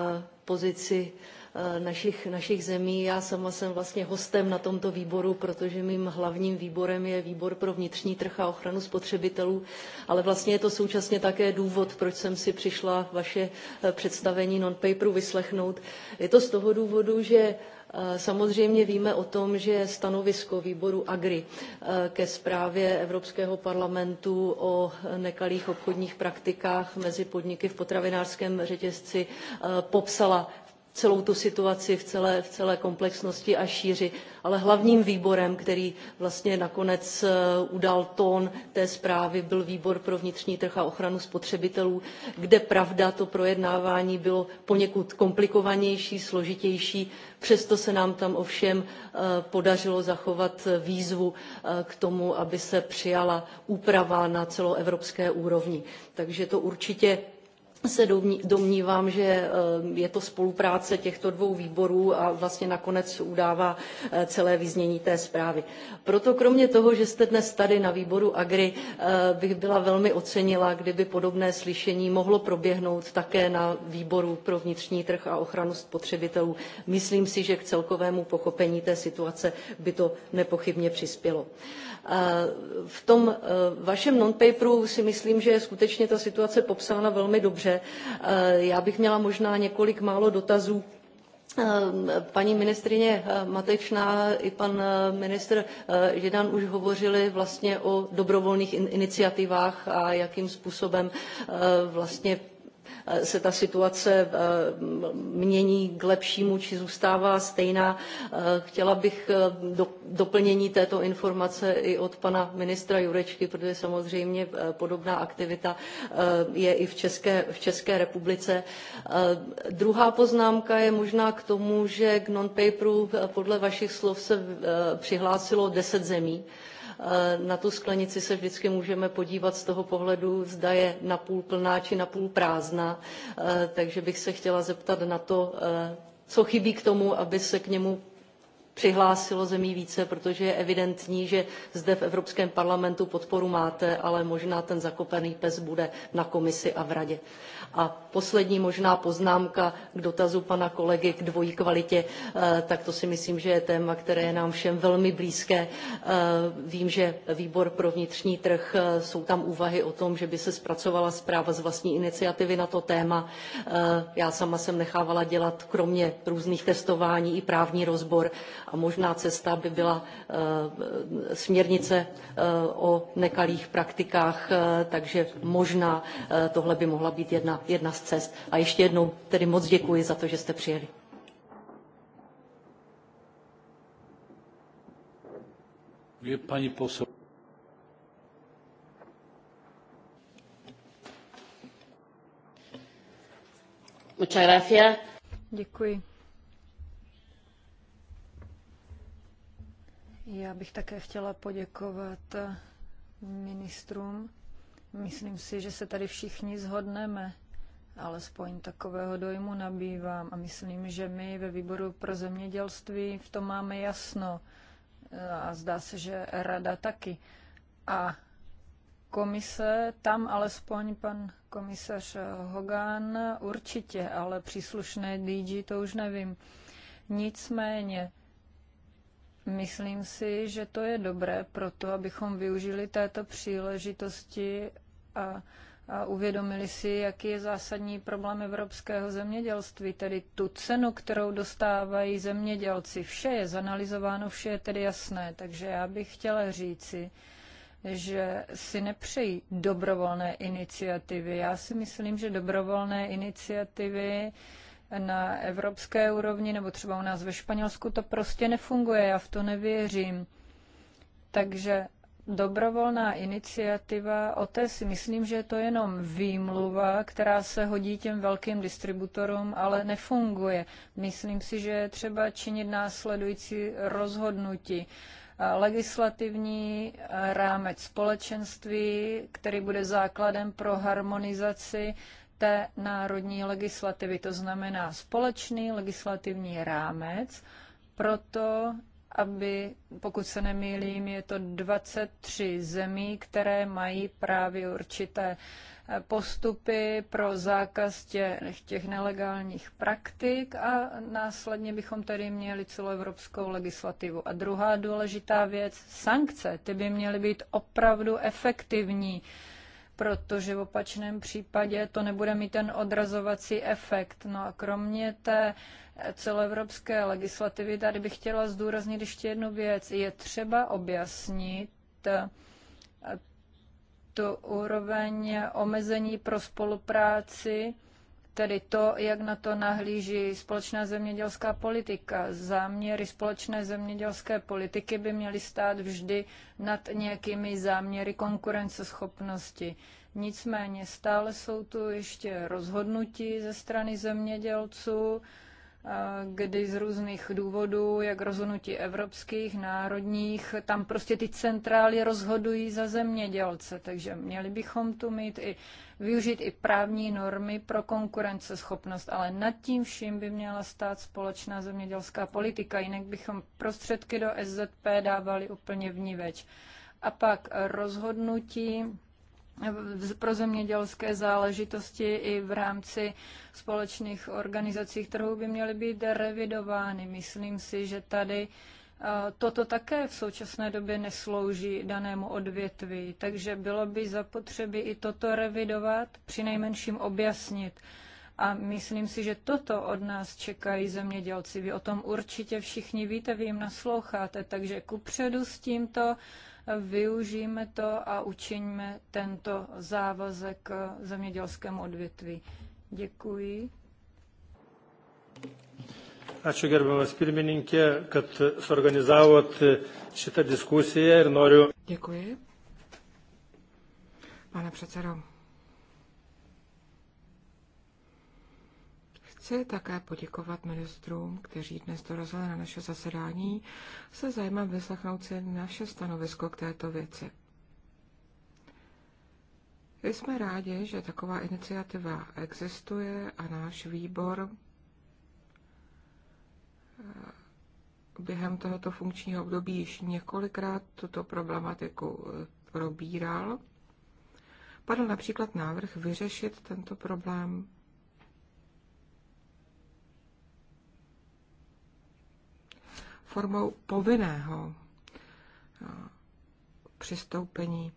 pozici Eh, našich, našich zemí. Já sama jsem vlastně hostem na tomto výboru, protože mým hlavním výborem je výbor pro vnitřní trh a ochranu spotřebitelů, ale vlastně je to současně také důvod, proč jsem si přišla vaše eh, představení non-paperu vyslechnout. Je to z toho důvodu, že eh, Samozřejmě víme o tom, že stanovisko výboru Agri ke zprávě Evropského parlamentu o nekalých obchodních praktikách mezi podniky v potravinářském řetězci popsala celou tu situaci v celé, v celé komplexnosti a šíři, ale hlavním výborem, který vlastně nakonec eh, udal tón té zprávy, byl výbor pro vnitřní trh a ochranu spotřebitelů, kde pravda to projednávání bylo poněkud komplikovanější, složitější, přesto se nám tam ovšem eh, podařilo zachovat výzvu eh, k tomu, aby se přijala úprava na celoevropské úrovni. Takže to určitě se domnívám, že eh, je to spolupráce těchto dvou výborů a vlastně nakonec udává eh, celé vyznění té zprávy. Proto kromě toho, že jste dnes tady na výboru Agri, eh, bych byla velmi ocenila, kdyby podobné slyšení mohlo proběhnout také na výboru pro vnitřní trh a ochranu spotřebitelů. Myslím si, že k celkovému pochopení té situace by to nepochybně přispělo. V tom eh, vašem non-paperu si myslím, že je skutečně ta situace popsána velmi dobře. Eh, já bych měla možná několik málo dotazů eh, Paní ministrině Matečná i pan ministr Židan už hovořili vlastně o dobrovolných iniciativách a jakým způsobem vlastně se ta situace eh, mění k lepšímu či zůstává stejná. Eh, chtěla bych eh, doplnění této informace i od pana ministra Jurečky, protože samozřejmě podobná aktivita je i v České, v České republice. Druhá poznámka je možná k tomu, že k non-paperu podle vašich slov se přihlásilo 10 zemí. Eh, na tu sklenici se vždycky můžeme podívat z toho pohledu, zda je napůl plná či napůl prázdná. Eh, takže bych se chtěla zeptat na to, eh, co chybí k tomu, aby se k němu přihlásilo zemí více, protože je evidentní, že zde v Evropském parlamentu podporu máte, ale možná ten zakopaný pes bude na komisi a v radě. A poslední možná poznámka k dotazu pana kolegy k dvojí kvalitě, eh, tak to si myslím, že je téma, které je nám všem velmi blízké. Eh, vím, že výbor pro vnitřní trh, eh, jsou tam úvahy o tom, že by se zpracovala zpráva z vlastní iniciativy na to téma. Já sama jsem nechávala dělat kromě různých testování i právní rozbor a možná cesta by byla eh, směrnice eh, o nekalých praktikách, eh, takže možná tohle by mohla být jedna, jedna z cest. A ještě jednou tedy moc děkuji za to, že jste přijeli. Je paní gracias. Děkuji. Já bych také chtěla poděkovat ministrům. Myslím si, že se tady všichni zhodneme, alespoň takového dojmu nabývám. A myslím, že my ve výboru pro zemědělství v tom máme jasno. A zdá se, že rada taky. A komise, tam alespoň pan komisař Hogan určitě, ale příslušné DG to už nevím. Nicméně, Myslím si, že to je dobré proto, abychom využili této příležitosti a, a uvědomili si, jaký je zásadní problém evropského zemědělství, tedy tu cenu, kterou dostávají zemědělci. Vše je zanalizováno, vše je tedy jasné, takže já bych chtěla říci, že si nepřejí dobrovolné iniciativy. Já si myslím, že dobrovolné iniciativy na evropské úrovni nebo třeba u nás ve Španělsku, to prostě nefunguje, já v to nevěřím. Takže dobrovolná iniciativa, o té si myslím, že je to jenom výmluva, která se hodí těm velkým distributorům, ale nefunguje. Myslím si, že je třeba činit následující rozhodnutí. Legislativní rámec společenství, který bude základem pro harmonizaci té národní legislativy, to znamená společný legislativní rámec, pro to, aby, pokud se nemýlím, je to 23 zemí, které mají právě určité eh, postupy pro zákaz těch, těch nelegálních praktik a následně bychom tady měli celoevropskou legislativu. A druhá důležitá věc, sankce, ty by měly být opravdu efektivní protože v opačném případě to nebude mít ten odrazovací efekt. No a kromě té celoevropské legislativy, tady bych chtěla zdůraznit ještě jednu věc. Je třeba objasnit eh, tu úroveň omezení pro spolupráci tedy to, jak na to nahlíží společná zemědělská politika. Záměry společné zemědělské politiky by měly stát vždy nad nějakými záměry konkurenceschopnosti. Nicméně stále jsou tu ještě rozhodnutí ze strany zemědělců, kdy z různých důvodů, jak rozhodnutí evropských, národních, tam prostě ty centrály rozhodují za zemědělce, takže měli bychom tu mít i využít i právní normy pro konkurenceschopnost, ale nad tím vším by měla stát společná zemědělská politika, jinak bychom prostředky do SZP dávali úplně vníveč. A pak rozhodnutí pro zemědělské záležitosti i v rámci společných organizací trhu by měly být revidovány. Myslím si, že tady eh, toto také v současné době neslouží danému odvětví, takže bylo by zapotřebí i toto revidovat, přinejmenším objasnit. A myslím si, že toto od nás čekají zemědělci. Vy o tom určitě všichni víte, vy jim nasloucháte, takže kupředu s tímto využijme to a učiňme tento závazek eh, zemědělskému odvětví. Děkuji. Ačiū gerbiamas pirmininkė, kad suorganizavot eh, šitą diskusiją ir noriu. Děkuji. Pane předsedo, Chci také poděkovat ministrům, kteří dnes dorazili na naše zasedání, se zájmem vyslechnout si naše stanovisko k této věci. Jsme rádi, že taková iniciativa existuje a náš výbor eh, během tohoto funkčního období již několikrát tuto problematiku eh, probíral. Padl například návrh vyřešit tento problém formou povinného eh, přistoupení.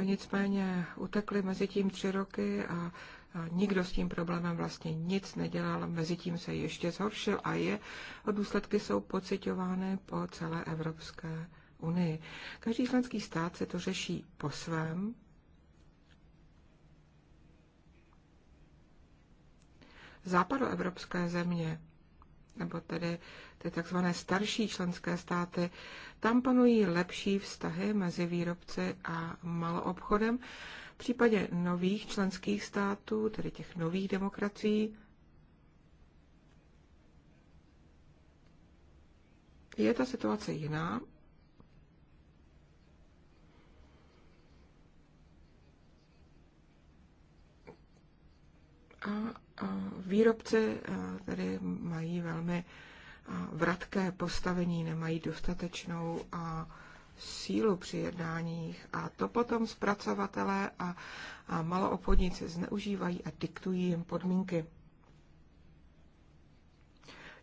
Nicméně utekly mezi tím tři roky a nikdo s tím problémem vlastně nic nedělal, mezi tím se ještě zhoršil a je. A důsledky jsou pocitovány po celé Evropské unii. Každý členský stát se to řeší po svém. Západoevropské země nebo tedy ty takzvané starší členské státy, tam panují lepší vztahy mezi výrobci a maloobchodem. V případě nových členských států, tedy těch nových demokracií, je ta situace jiná. A výrobci tedy mají velmi vratké postavení, nemají dostatečnou sílu při jednáních a to potom zpracovatelé a, a maloobchodníci zneužívají a diktují jim podmínky.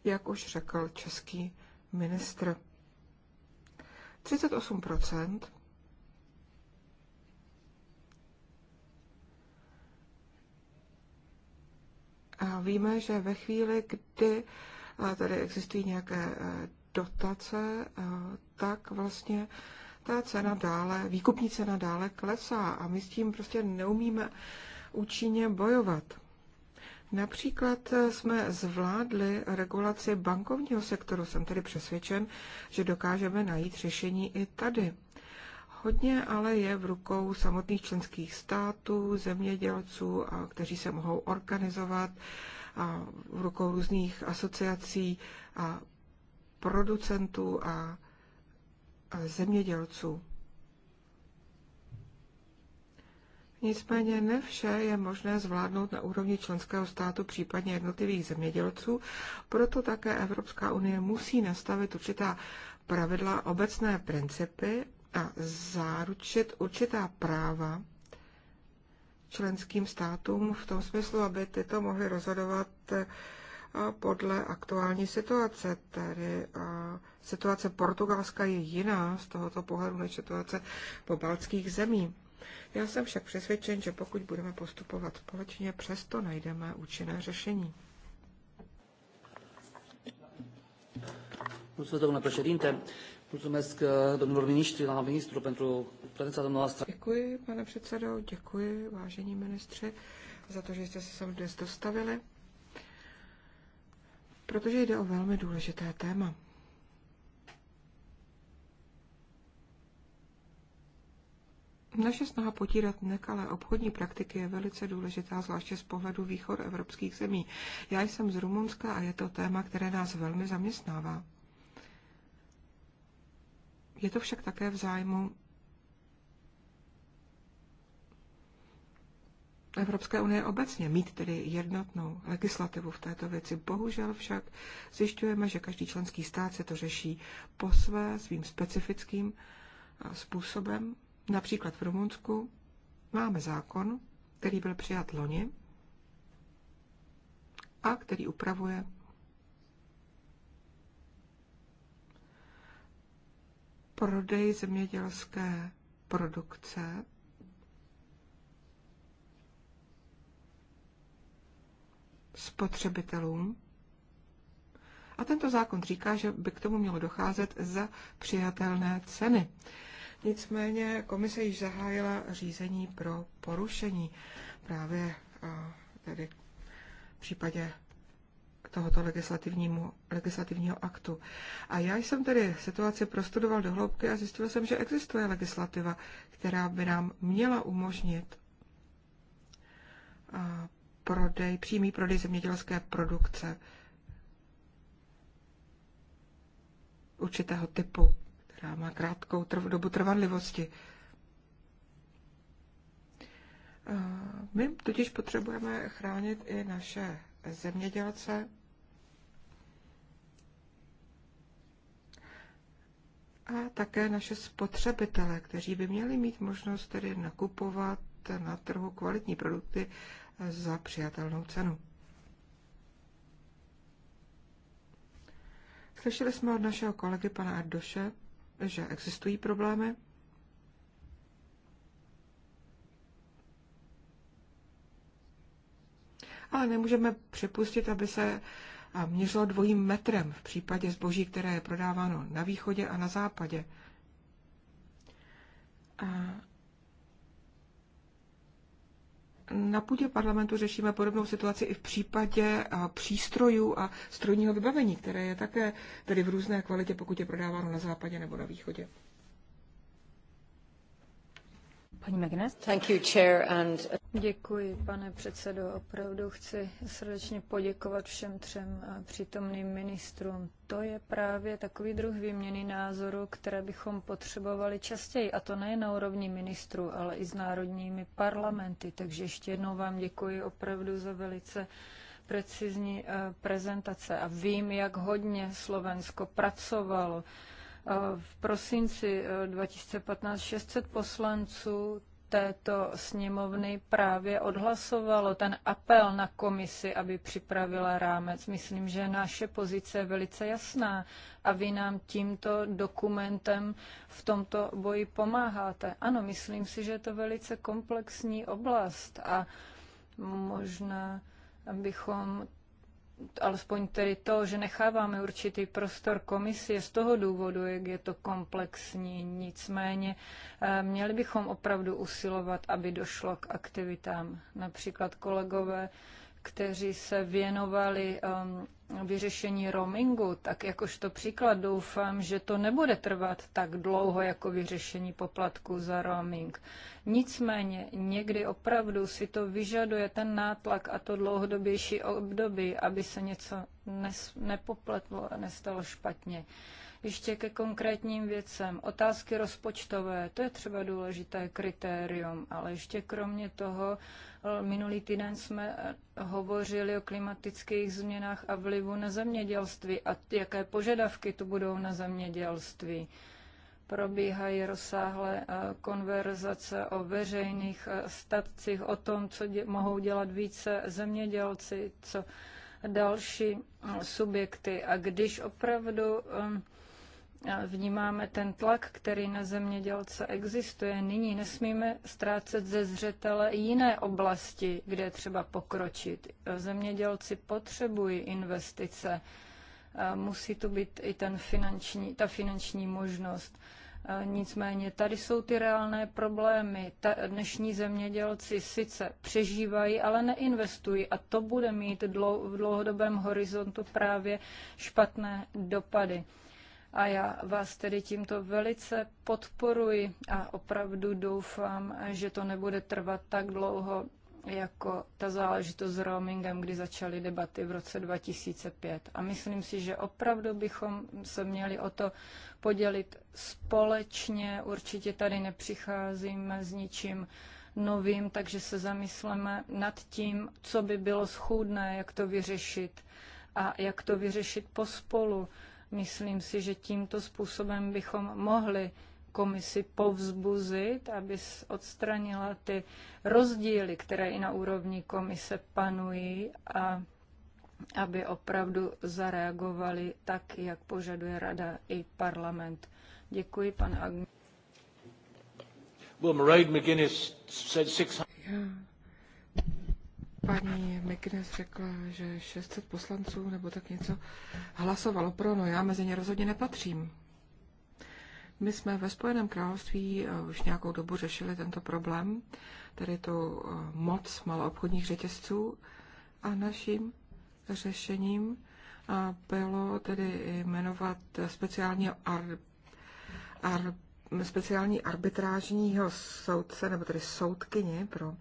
Jak už řekl český ministr, 38 víme, že ve chvíli, kdy tady existují nějaké e, dotace, e, tak vlastně ta cena dále, výkupní cena dále klesá a my s tím prostě neumíme účinně bojovat. Například e, jsme zvládli regulaci bankovního sektoru. Jsem tedy přesvědčen, že dokážeme najít řešení i tady hodně ale je v rukou samotných členských států, zemědělců, a kteří se mohou organizovat, a v rukou různých asociací a producentů a, a zemědělců. Nicméně ne vše je možné zvládnout na úrovni členského státu, případně jednotlivých zemědělců, proto také Evropská unie musí nastavit určitá pravidla, obecné principy a záručit určitá práva členským státům v tom smyslu, aby tyto mohly rozhodovat eh, podle aktuální situace. Tedy eh, situace Portugalska je jiná z tohoto pohledu než situace po baltských zemí. Já jsem však přesvědčen, že pokud budeme postupovat společně, přesto najdeme účinné řešení. Mulțumesc, domnule președinte. Mulțumesc eh, domnilor miniștri, doamna ministru, pentru prezența dumneavoastră. Děkuji, pane předsedo, děkuji, vážení ministři, za to, že jste se sem dnes dostavili, protože jde o velmi důležité téma. Naše snaha potírat nekalé obchodní praktiky je velice důležitá, zvláště z pohledu východ evropských zemí. Já jsem z Rumunska a je to téma, které nás velmi zaměstnává. Je to však také v zájmu Evropské unie obecně mít tedy jednotnou legislativu v této věci. Bohužel však zjišťujeme, že každý členský stát se to řeší po své, svým specifickým způsobem. Například v Rumunsku máme zákon, který byl přijat loni a který upravuje prodej zemědělské produkce. spotřebitelům. A tento zákon říká, že by k tomu mělo docházet za přijatelné ceny. Nicméně komise již zahájila řízení pro porušení právě tedy v případě tohoto legislativního aktu. A já jsem tedy situaci prostudoval do hloubky a zjistil jsem, že existuje legislativa, která by nám měla umožnit prodej, přímý prodej zemědělské produkce určitého typu, která má krátkou trv, dobu trvanlivosti. My totiž potřebujeme chránit i naše zemědělce, a také naše spotřebitele, kteří by měli mít možnost tedy nakupovat na trhu kvalitní produkty za přijatelnou cenu. Slyšeli jsme od našeho kolegy pana Ardoše, že existují problémy. Ale nemůžeme připustit, aby se a měřilo dvojím metrem v případě zboží, které je prodáváno na východě a na západě. A na půdě parlamentu řešíme podobnou situaci i v případě přístrojů a strojního vybavení, které je také tedy v různé kvalitě, pokud je prodáváno na západě nebo na východě. Uh, děkuji, pane předsedající Opravdu chci srdečně poděkovat všem třem uh, přítomným ministrům. To je právě takový druh výměny názorů, které bychom potřebovali častěji, a to nejen na úrovni ministrů, ale i s národními parlamenty. Takže ještě jednou vám děkuji opravdu za velice precizní uh, prezentace a vím, jak hodně Slovensko pracovalo v prosinci 2015 eh, 600 poslanců této sněmovny právě odhlasovalo ten apel na komisi, aby připravila rámec. Myslím, že naše pozice je velice jasná a vy nám tímto dokumentem v tomto boji pomáháte. Ano, myslím si, že je to velice komplexní oblast a možná bychom alespoň tedy to, že necháváme určitý prostor komisie z toho důvodu, jak je to komplexní. Nicméně eh, měli bychom opravdu usilovat, aby došlo k aktivitám. Například kolegové, kteří se věnovali um, vyřešení roamingu, tak jakožto příklad doufám, že to nebude trvat tak dlouho jako vyřešení poplatku za roaming. Nicméně někdy opravdu si to vyžaduje ten nátlak a to dlouhodobější období, aby se něco nes, nepopletlo a nestalo špatně. Ještě ke konkrétním věcem. Otázky rozpočtové, to je třeba důležité kritérium, ale ještě kromě toho Minulý týden jsme hovořili o klimatických změnách a vlivu na zemědělství a jaké požadavky tu budou na zemědělství. Probíhají rozsáhlé eh, konverzace o veřejných eh, statcích, o tom, co dě- mohou dělat více zemědělci, co další eh, subjekty. A když opravdu um, vnímáme ten tlak, který na zemědělce existuje nyní, nesmíme ztrácet ze zřetele jiné oblasti, kde třeba pokročit. Zemědělci potřebují investice, musí tu být i ten finanční, ta finanční možnost. Nicméně tady jsou ty reálné problémy. Ta, dnešní zemědělci sice přežívají, ale neinvestují a to bude mít dlou, v dlouhodobém horizontu právě špatné dopady. A já vás tedy tímto velice podporuji a opravdu doufám, že to nebude trvat tak dlouho, jako ta záležitost s roamingem, kdy začaly debaty v roce 2005. A myslím si, že opravdu bychom se měli o to podělit společně. Určitě tady nepřicházíme s ničím novým, takže se zamysleme nad tím, co by bylo schůdné, jak to vyřešit a jak to vyřešit pospolu. Myslím si, že tímto způsobem bychom mohli komisi povzbuzit, aby odstranila ty rozdíly, které i na úrovni komise panují a aby opravdu zareagovali tak, jak požaduje rada i parlament. Děkuji, pan Agni. Well, Mairead McGuinness said 600 paní McInnes řekla, že 600 poslanců nebo tak něco hlasovalo pro, no já mezi ně rozhodně nepatřím. My jsme ve Spojeném království eh, už nějakou dobu řešili tento problém, tedy tu eh, moc maloobchodních řetězců a naším řešením eh, bylo tedy jmenovat speciální ar, ar, speciální arbitrážního soudce, nebo tedy soudkyni pro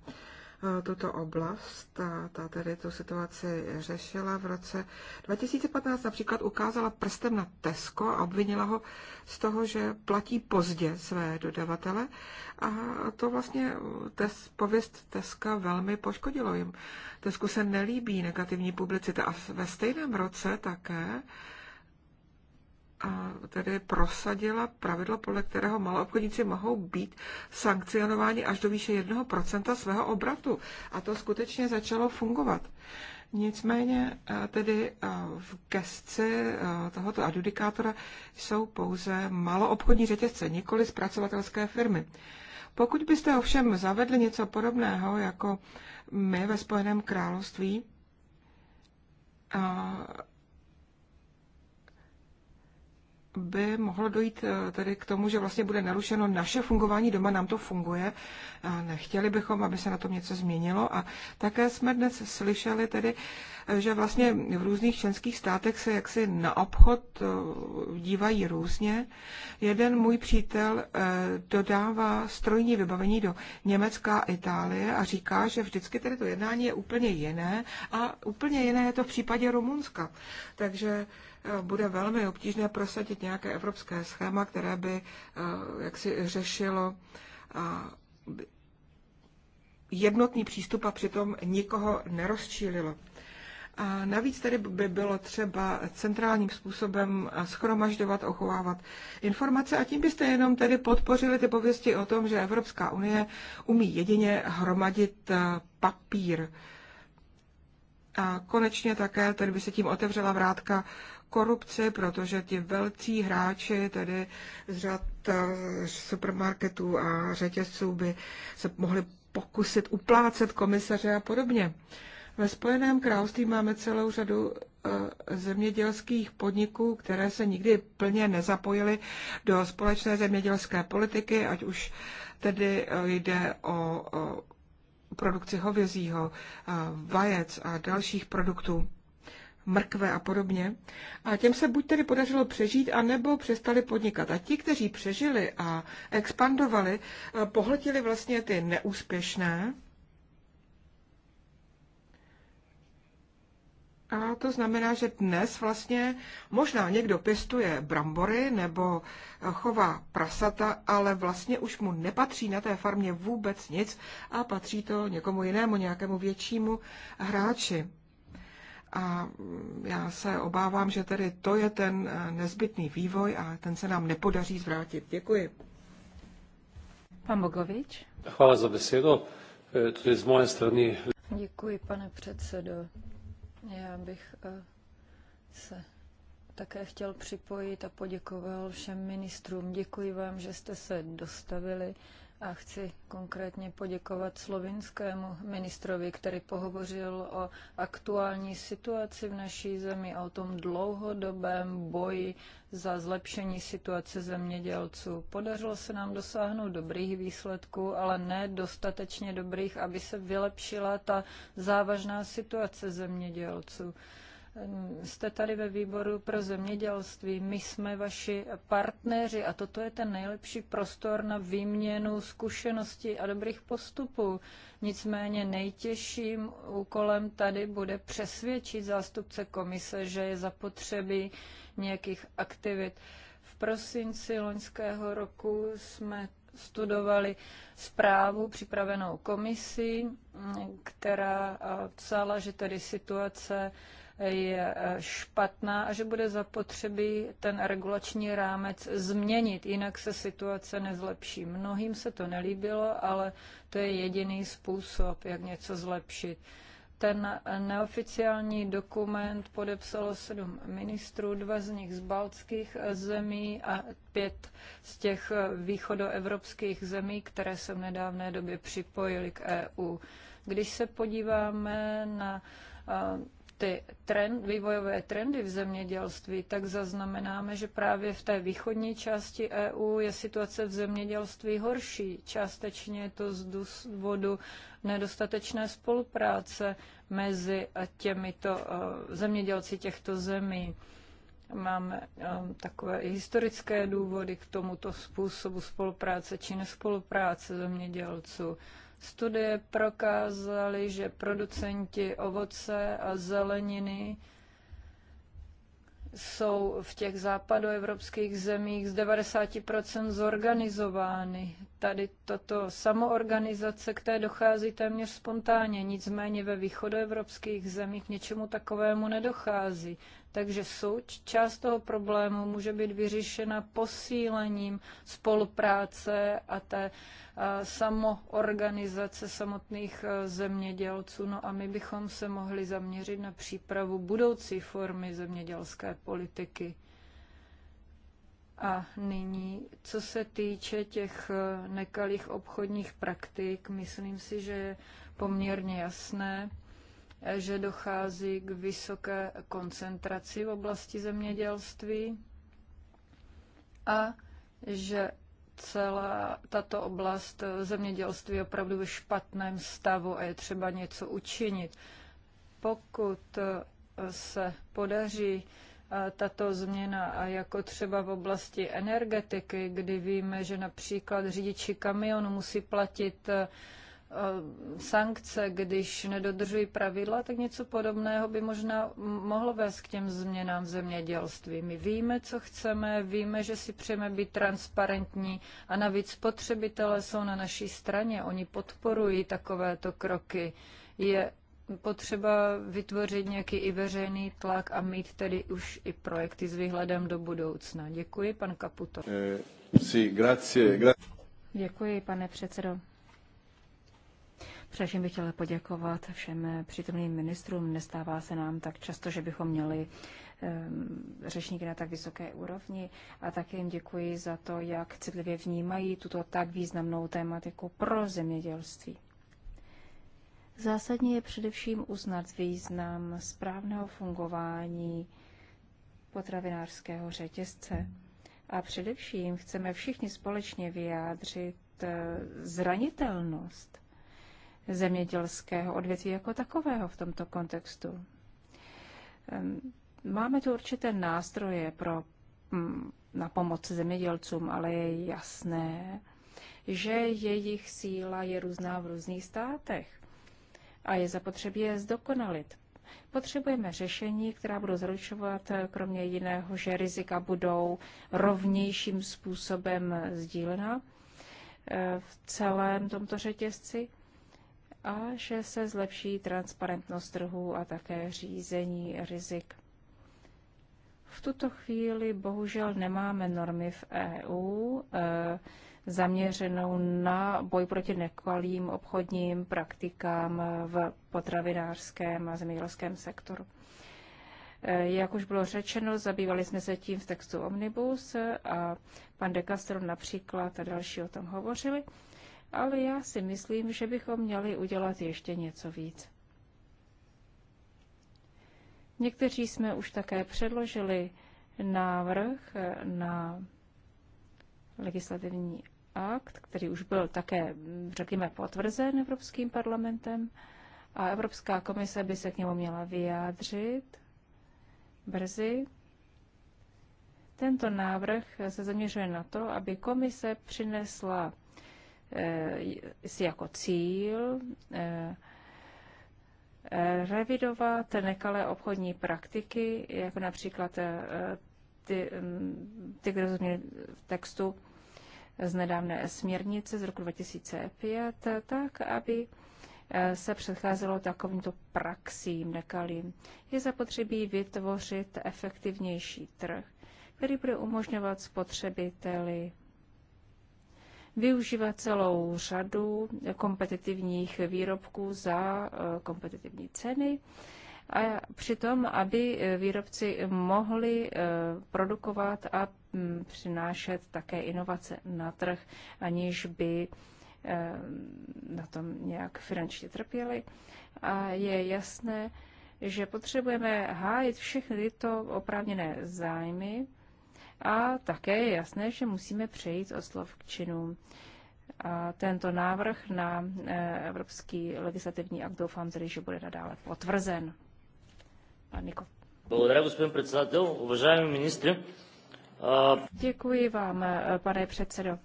Eh, tuto oblast. Ta, ta tedy tu situaci řešila v roce 2015. Například ukázala prstem na Tesco a obvinila ho z toho, že platí pozdě své dodavatele. A to vlastně tes, pověst Teska velmi poškodilo jim. Tesku se nelíbí negativní publicita. A ve stejném roce také tedy prosadila pravidlo, podle kterého maloobchodníci mohou být sankcionováni až do výše 1% svého obratu. A to skutečně začalo fungovat. Nicméně eh, tedy eh, v gesci eh, tohoto adjudikátora jsou pouze maloobchodní řetězce, nikoli zpracovatelské firmy. Pokud byste ovšem zavedli něco podobného jako my ve Spojeném království, by mohlo dojít eh, tedy k tomu, že vlastně bude narušeno naše fungování doma, nám to funguje, nechtěli bychom, aby se na tom něco změnilo. A také jsme dnes slyšeli tedy, eh, že vlastně v různých členských státech se jaksi na obchod eh, dívají různě. Jeden můj přítel dodává strojní vybavení do Německa a Itálie a říká, že vždycky tedy to jednání je úplně jiné a úplně jiné je to v případě Rumunska. Takže bude velmi obtížné prosadit nějaké evropské schéma, které by eh, jaksi řešilo eh, jednotný přístup a přitom nikoho nerozčílilo. A navíc tedy by bylo třeba centrálním způsobem schromažďovat, ochovávat informace a tím byste jenom tedy podpořili ty pověsti o tom, že Evropská unie umí jedině hromadit eh, papír. A konečně také tedy by se tím otevřela vrátka korupce, protože ti velcí hráči, tedy z řad eh, supermarketů a řetězců, by se mohli pokusit uplácet komisaře a podobně. Ve Spojeném království máme celou řadu eh, zemědělských podniků, které se nikdy plně nezapojily do společné zemědělské politiky, ať už tedy eh, jde o produkci hovězího, vajec a dalších produktů mrkve a podobně. A těm se buď tedy podařilo přežít, anebo přestali podnikat. A ti, kteří přežili a expandovali, eh, pohltili vlastně ty neúspěšné. A to znamená, že dnes vlastně možná někdo pěstuje brambory nebo eh, chová prasata, ale vlastně už mu nepatří na té farmě vůbec nic a patří to někomu jinému, nějakému většímu hráči. A já se obávám, že tedy to je ten eh, nezbytný vývoj a ten se nám nepodaří zvrátit. Děkuji. Pan Bogovič. Chvála za besedo. Eh, tedy z moje strany. Děkuji, pane předsedo. Já bych eh, se také chtěl připojit a poděkoval všem ministrům. Děkuji vám, že jste se dostavili a chci konkrétně poděkovat slovinskému ministrovi, který pohovořil o aktuální situaci v naší zemi a o tom dlouhodobém boji za zlepšení situace zemědělců. Podařilo se nám dosáhnout dobrých výsledků, ale ne dostatečně dobrých, aby se vylepšila ta závažná situace zemědělců. Jste tady ve výboru pro zemědělství, my jsme vaši partneři a toto je ten nejlepší prostor na výměnu zkušeností a dobrých postupů. Nicméně nejtěžším úkolem tady bude přesvědčit zástupce komise, že je zapotřebí nějakých aktivit. V prosinci loňského roku jsme studovali zprávu připravenou komisí, která eh, psala, že tedy situace je eh, špatná a že bude zapotřebí ten regulační rámec změnit, jinak se situace nezlepší. Mnohým se to nelíbilo, ale to je jediný způsob, jak něco zlepšit. Ten neoficiální dokument podepsalo sedm ministrů, dva z nich z baltských eh, zemí a pět z těch eh, východoevropských zemí, které se v nedávné době připojily k EU. Když se podíváme na ty trend, vývojové trendy v zemědělství, tak zaznamenáme, že právě v té východní části EU je situace v zemědělství horší. Částečně je to z důvodu nedostatečné spolupráce mezi těmito eh, zemědělci těchto zemí. Máme eh, takové historické důvody k tomuto způsobu spolupráce či nespolupráce zemědělců. Studie prokázaly, že producenti ovoce a zeleniny jsou v těch západoevropských zemích z 90% zorganizovány. Tady toto samoorganizace, které dochází téměř spontánně, nicméně ve východoevropských zemích něčemu takovému nedochází. Takže suť, část toho problému může být vyřešena posílením spolupráce a té samoorganizace samotných e, zemědělců. No a my bychom se mohli zaměřit na přípravu budoucí formy zemědělské politiky. A nyní, co se týče těch e, nekalých obchodních praktik, myslím si, že je poměrně jasné, že dochází k vysoké koncentraci v oblasti zemědělství a že celá tato oblast zemědělství je opravdu ve špatném stavu a je třeba něco učinit. Pokud se podaří eh, tato změna a jako třeba v oblasti energetiky, kdy víme, že například řidiči kamionu musí platit eh, Eh, sankce, když nedodržují pravidla, tak něco podobného by možná mohlo vést k těm změnám v zemědělství. My víme, co chceme, víme, že si přejeme být transparentní a navíc spotřebitelé jsou na naší straně. Oni podporují takovéto kroky. Je potřeba vytvořit nějaký i veřejný tlak a mít tedy už i projekty s výhledem do budoucna. Děkuji, pan Kaputo. Eh, grazie, Děkuji, pane předsedo. Především bych chtěla poděkovat všem přítomným ministrům. Nestává se nám tak často, že bychom měli ehm, řečníky na tak vysoké úrovni. A také jim děkuji za to, jak citlivě vnímají tuto tak významnou tématiku pro zemědělství. Zásadně je především uznat význam správného fungování potravinářského řetězce. A především chceme všichni společně vyjádřit eh, zranitelnost zemědělského odvětví jako takového v tomto kontextu. Máme tu určité nástroje pro, mm, na pomoc zemědělcům, ale je jasné, že jejich síla je různá v různých státech a je zapotřebí je zdokonalit. Potřebujeme řešení, která budou zaručovat eh, kromě jiného, že rizika budou rovnějším způsobem sdílena eh, v celém tomto řetězci a že se zlepší transparentnost trhu a také řízení rizik. V tuto chvíli bohužel nemáme normy v EU eh, zaměřenou na boj proti nekvalým obchodním praktikám v potravinářském a zemědělském sektoru. Eh, jak už bylo řečeno, zabývali jsme se tím v textu Omnibus a pan de Castro například a další o tom hovořili ale já si myslím, že bychom měli udělat ještě něco víc. Někteří jsme už také předložili návrh na legislativní akt, který už byl také, řekněme, potvrzen Evropským parlamentem a Evropská komise by se k němu měla vyjádřit brzy. Tento návrh se zaměřuje na to, aby komise přinesla si eh, jako cíl eh, revidovat nekalé obchodní praktiky, jako například eh, ty, mm, ty které změny v textu z nedávné směrnice z roku 2005, tak, aby se předcházelo takovýmto praxím nekalým. Je zapotřebí vytvořit efektivnější trh, který bude umožňovat spotřebiteli využívá celou řadu kompetitivních výrobků za eh, kompetitivní ceny a přitom, aby eh, výrobci mohli eh, produkovat a mm, přinášet také inovace na trh, aniž by na tom nějak finančně trpěli. A je jasné, že potřebujeme hájit všechny tyto oprávněné zájmy, a také je jasné, že musíme přejít od slov k činům. A tento návrh na eh, Evropský legislativní akt doufám tedy, že bude nadále potvrzen. Pan Niko. Děkuji vám, eh, pane předsedo.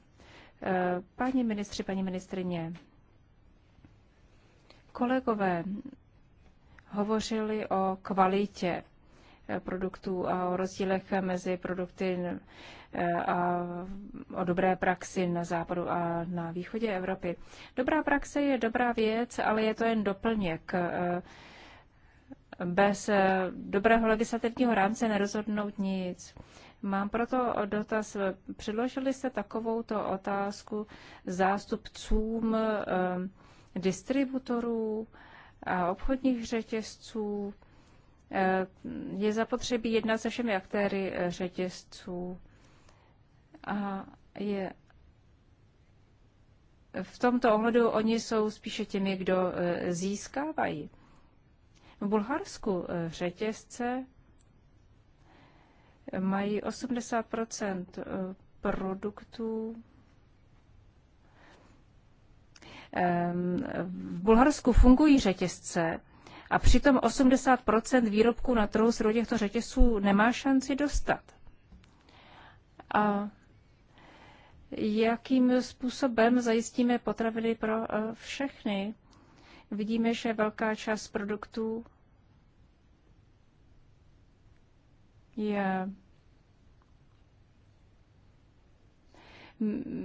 Eh, Pani ministři, paní ministrině, kolegové hovořili o kvalitě produktů a o rozdílech mezi produkty eh, a o dobré praxi na západu a na východě Evropy. Dobrá praxe je dobrá věc, ale je to jen doplněk. Eh, bez eh, dobrého legislativního rámce nerozhodnout nic. Mám proto dotaz, předložili jste takovouto otázku zástupcům distributorů a obchodních řetězců, Eh, je zapotřebí jednat se všemi aktéry eh, řetězců a je v tomto ohledu oni jsou spíše těmi, kdo eh, získávají. V Bulharsku řetězce mají 80 produktů. V Bulharsku fungují řetězce, a přitom 80 výrobků na trhu z těchto řetězců nemá šanci dostat. A jakým způsobem zajistíme potraviny pro eh, všechny? Vidíme, že velká část produktů je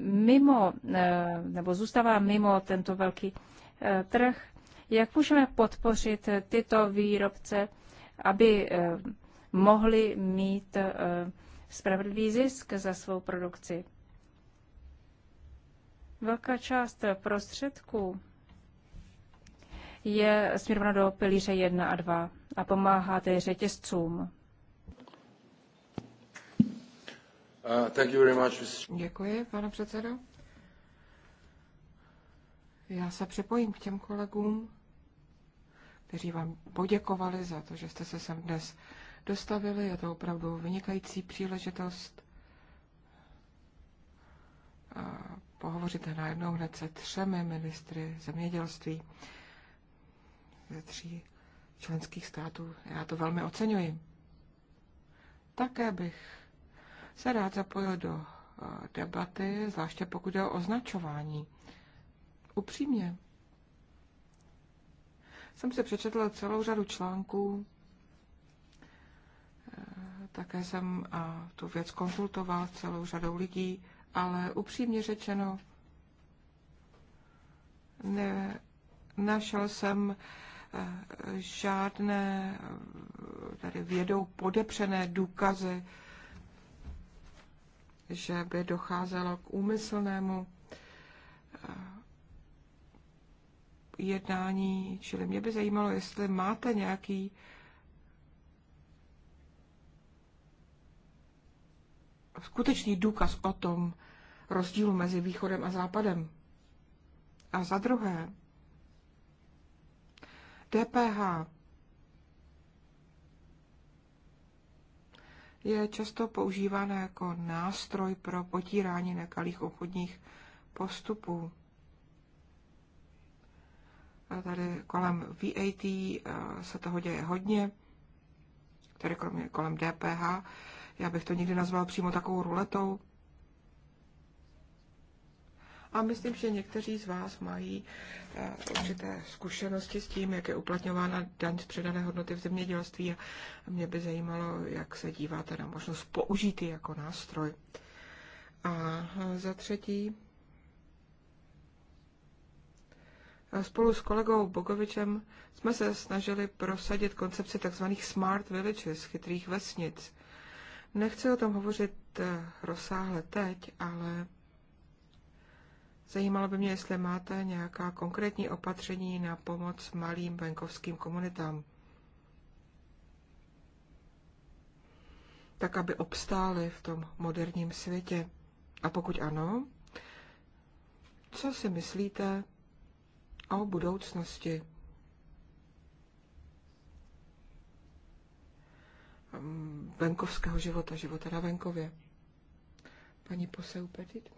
mimo, eh, nebo zůstává mimo tento velký eh, trh. Jak můžeme podpořit tyto výrobce, aby eh, mohli mít eh, spravedlivý zisk za svou produkci? Velká část prostředků je směrována do pilíře 1 a 2 a pomáhá tedy řetězcům. Uh, thank you very much. Děkuji, pane předsedo. Já se připojím k těm kolegům, kteří vám poděkovali za to, že jste se sem dnes dostavili. Je to opravdu vynikající příležitost pohovořit najednou hned se třemi ministry zemědělství ze tří členských států. Já to velmi oceňuji. Také bych se rád zapojil do debaty, zvláště pokud je o označování. Upřímně, jsem si přečetla celou řadu článků, eh, také jsem eh, tu věc konzultoval celou řadou lidí, ale upřímně řečeno, ne, našel jsem eh, žádné tady vědou podepřené důkazy, že by docházelo k úmyslnému jednání, čili mě by zajímalo, jestli máte nějaký skutečný důkaz o tom rozdílu mezi východem a západem. A za druhé, DPH je často používána jako nástroj pro potírání nekalých obchodních postupů tady kolem VAT eh, se toho děje hodně, tedy kromě, kolem DPH. Já bych to nikdy nazval přímo takovou ruletou. A myslím, že někteří z vás mají eh, určité zkušenosti s tím, jak je uplatňována daň z předané hodnoty v zemědělství a mě by zajímalo, jak se díváte na možnost použít ji jako nástroj. A za třetí, Spolu s kolegou Bogovičem jsme se snažili prosadit koncepci tzv. smart villages, chytrých vesnic. Nechci o tom hovořit eh, rozsáhle teď, ale zajímalo by mě, jestli máte nějaká konkrétní opatření na pomoc malým venkovským komunitám. tak, aby obstály v tom moderním světě? A pokud ano, co si myslíte o budoucnosti. venkovského života, života na venkově. Paní Poseu Petit.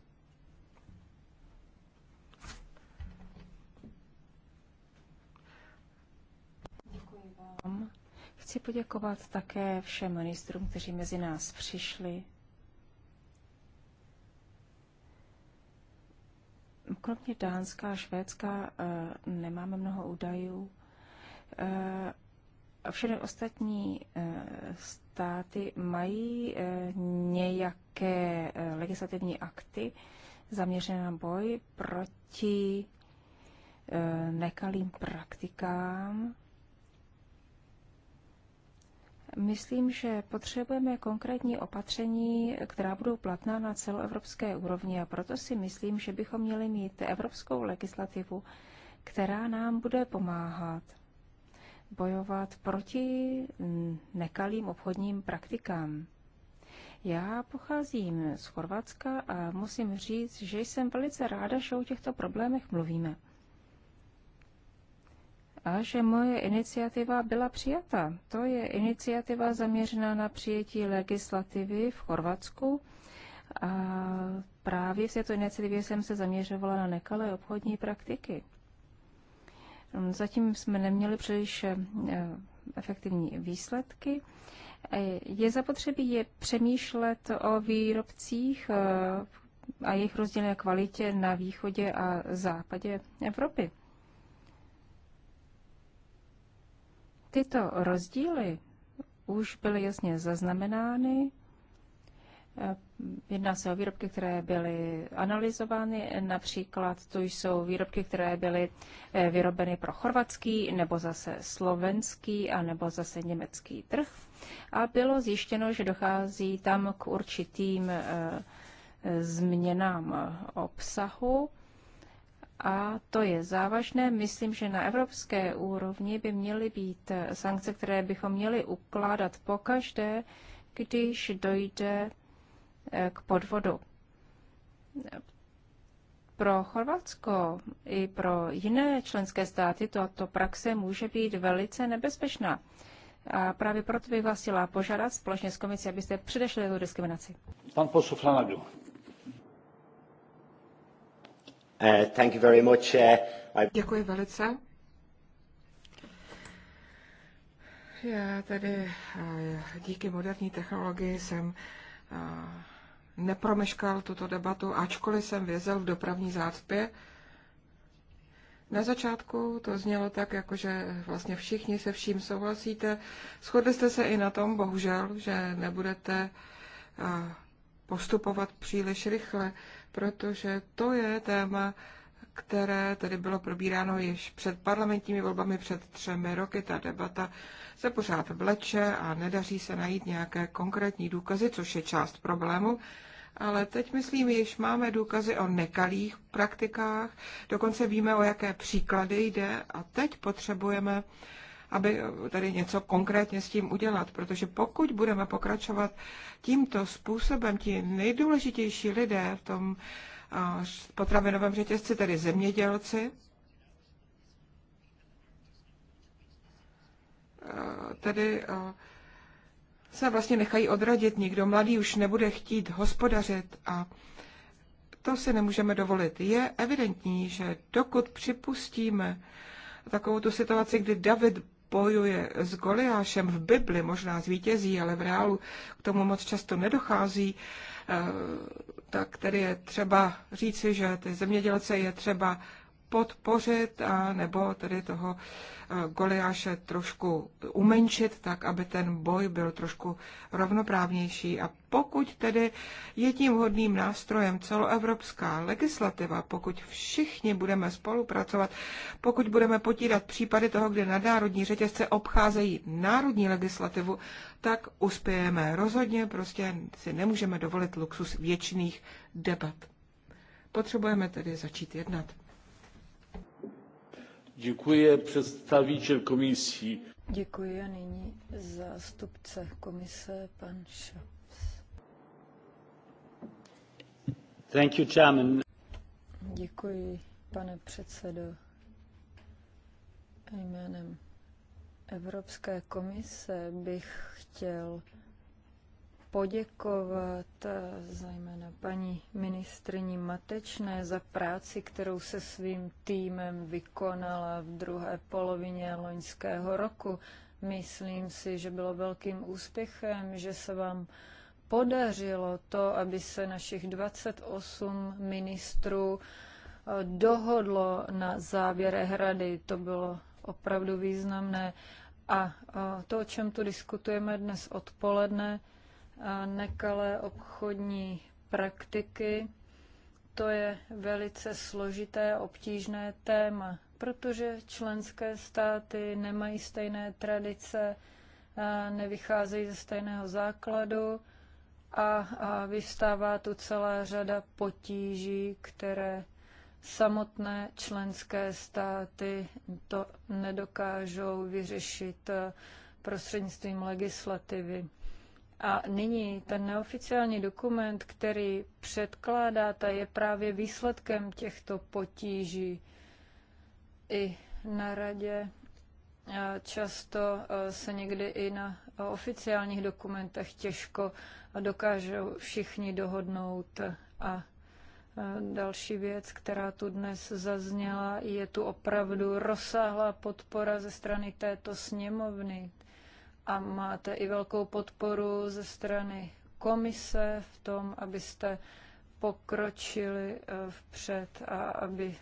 Děkuji vám. Chci poděkovat také všem ministrům, kteří mezi nás přišli Kromě Dánska a Švédska eh, nemáme mnoho údajů. Eh, Všechny ostatní eh, státy mají nějaké legislativní akty zaměřené na boj proti nekalým praktikám Myslím, že potřebujeme konkrétní opatření, která budou platná na celoevropské úrovni a proto si myslím, že bychom měli mít evropskou legislativu, která nám bude pomáhat bojovat proti mm, nekalým obchodním praktikám. Já pocházím z Chorvatska a musím říct, že jsem velice ráda, že o těchto problémech mluvíme a že moje iniciativa byla přijata. To je iniciativa zaměřená na přijetí legislativy v Chorvatsku. A právě v této iniciativě jsem se zaměřovala na nekalé obchodní praktiky. Zatím jsme neměli příliš eh, efektivní výsledky. Eh, je zapotřebí je přemýšlet o výrobcích eh, a jejich rozdílné kvalitě na východě a západě Evropy. Tyto rozdíly už byly jasně zaznamenány. Jedná se o výrobky, které byly analyzovány, například to jsou výrobky, které byly eh, vyrobeny pro chorvatský nebo zase slovenský a nebo zase německý trh. A bylo zjištěno, že dochází tam k určitým eh, změnám eh, obsahu a to je závažné. Myslím, že na evropské úrovni by měly být sankce, které bychom měli ukládat pokaždé, když dojde eh, k podvodu. Pro Chorvatsko i pro jiné členské státy tato praxe může být velice nebezpečná. A právě proto bych vás chtěla požádat společně s komisí, abyste předešli do diskriminaci. Pan poslanec Uh, thank you very much. Uh, I... Děkuji velice. Já tady eh, díky moderní technologii jsem eh, nepromeškal tuto debatu, ačkoliv jsem vězel v dopravní zácpě. Na začátku to znělo tak, jakože vlastně všichni se vším souhlasíte. Shodli jste se i na tom, bohužel, že nebudete eh, postupovat příliš rychle protože to je téma, které tady bylo probíráno již před parlamentními volbami před třemi roky. Ta debata se pořád vleče a nedaří se najít nějaké konkrétní důkazy, což je část problému. Ale teď, myslím, již máme důkazy o nekalých praktikách, dokonce víme, o jaké příklady jde a teď potřebujeme uh, aby tady něco konkrétně s tím udělat, protože pokud budeme pokračovat tímto způsobem, ti nejdůležitější lidé v tom potravinovém řetězci, tedy zemědělci, tedy se vlastně nechají odradit. Nikdo mladý už nebude chtít hospodařit a to si nemůžeme dovolit. Je evidentní, že dokud připustíme takovou tu situaci, kdy David bojuje s Goliášem v Bibli, možná zvítězí, ale v reálu k tomu moc často nedochází, eh, tak tedy je třeba říci, že ty zemědělce je třeba podpořit a nebo tedy toho eh, Goliáše trošku umenšit, tak aby ten boj byl trošku rovnoprávnější. A pokud tedy je tím hodným nástrojem celoevropská legislativa, pokud všichni budeme spolupracovat, pokud budeme potírat případy toho, kde národní řetězce obcházejí národní legislativu, tak uspějeme. Rozhodně prostě si nemůžeme dovolit luxus věčných debat. Potřebujeme tedy začít jednat. Děkuji představitel komisí. Děkuji a nyní zástupce komise pan Šaps. Thank you, Chairman. Děkuji, pane předsedo. Jménem Evropské komise bych chtěl poděkovat eh, zejména paní ministrní Matečné za práci, kterou se svým týmem vykonala v druhé polovině loňského roku. Myslím si, že bylo velkým úspěchem, že se vám podařilo to, aby se našich 28 ministrů eh, dohodlo na závěre rady. To bylo opravdu významné. A eh, to, o čem tu diskutujeme dnes odpoledne, nekalé obchodní praktiky. To je velice složité, obtížné téma, protože členské státy nemají stejné tradice, nevycházejí ze stejného základu a, a vyvstává tu celá řada potíží, které samotné členské státy to nedokážou vyřešit prostřednictvím legislativy. A nyní ten neoficiální dokument, který předkládáte, je právě výsledkem těchto potíží. I na radě často se někdy i na oficiálních dokumentech těžko dokážou všichni dohodnout. A další věc, která tu dnes zazněla, je tu opravdu rozsáhlá podpora ze strany této sněmovny a máte i velkou podporu ze strany komise v tom, abyste pokročili eh, vpřed a aby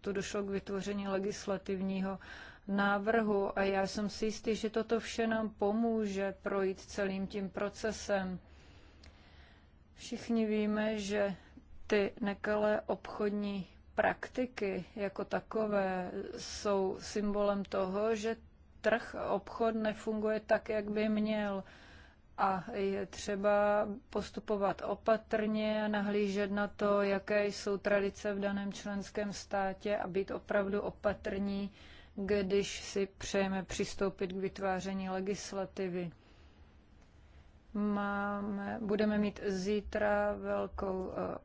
tu došlo k vytvoření legislativního návrhu. A já jsem si jistý, že toto vše nám pomůže projít celým tím procesem. Všichni víme, že ty nekalé obchodní praktiky jako takové jsou symbolem toho, že trh, obchod nefunguje tak, jak by měl. A je třeba postupovat opatrně nahlížet na to, jaké jsou tradice v daném členském státě a být opravdu opatrní, když si přejeme přistoupit k vytváření legislativy. Máme, budeme mít zítra velkou eh,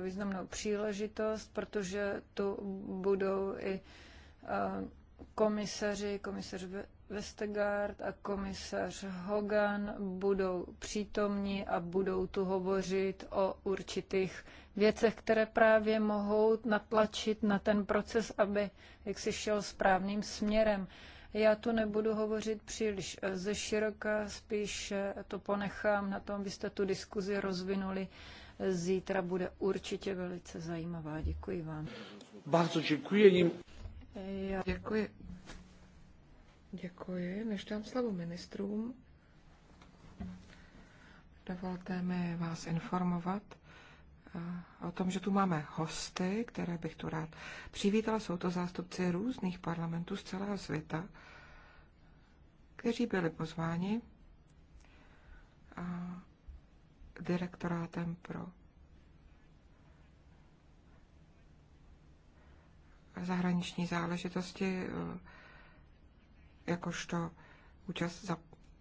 eh, významnou příležitost, protože tu budou i eh, komisaři, komisař Vestegard a komisař Hogan budou přítomní a budou tu hovořit o určitých věcech, které právě mohou natlačit na ten proces, aby jak si šel správným směrem. Já tu nebudu hovořit příliš eh, ze široka, spíš to ponechám na tom, byste tu diskuzi rozvinuli. Zítra bude určitě velice zajímavá. Děkuji vám. Bardzo děkuji. Já... Děkuji. Děkuji. Než dám slovo ministrům, dovolte mi vás informovat eh, o tom, že tu máme hosty, které bych tu rád přivítala. Jsou to zástupci různých parlamentů z celého světa, kteří byli pozváni eh, direktorátem pro zahraniční záležitosti eh, jakožto účast, za,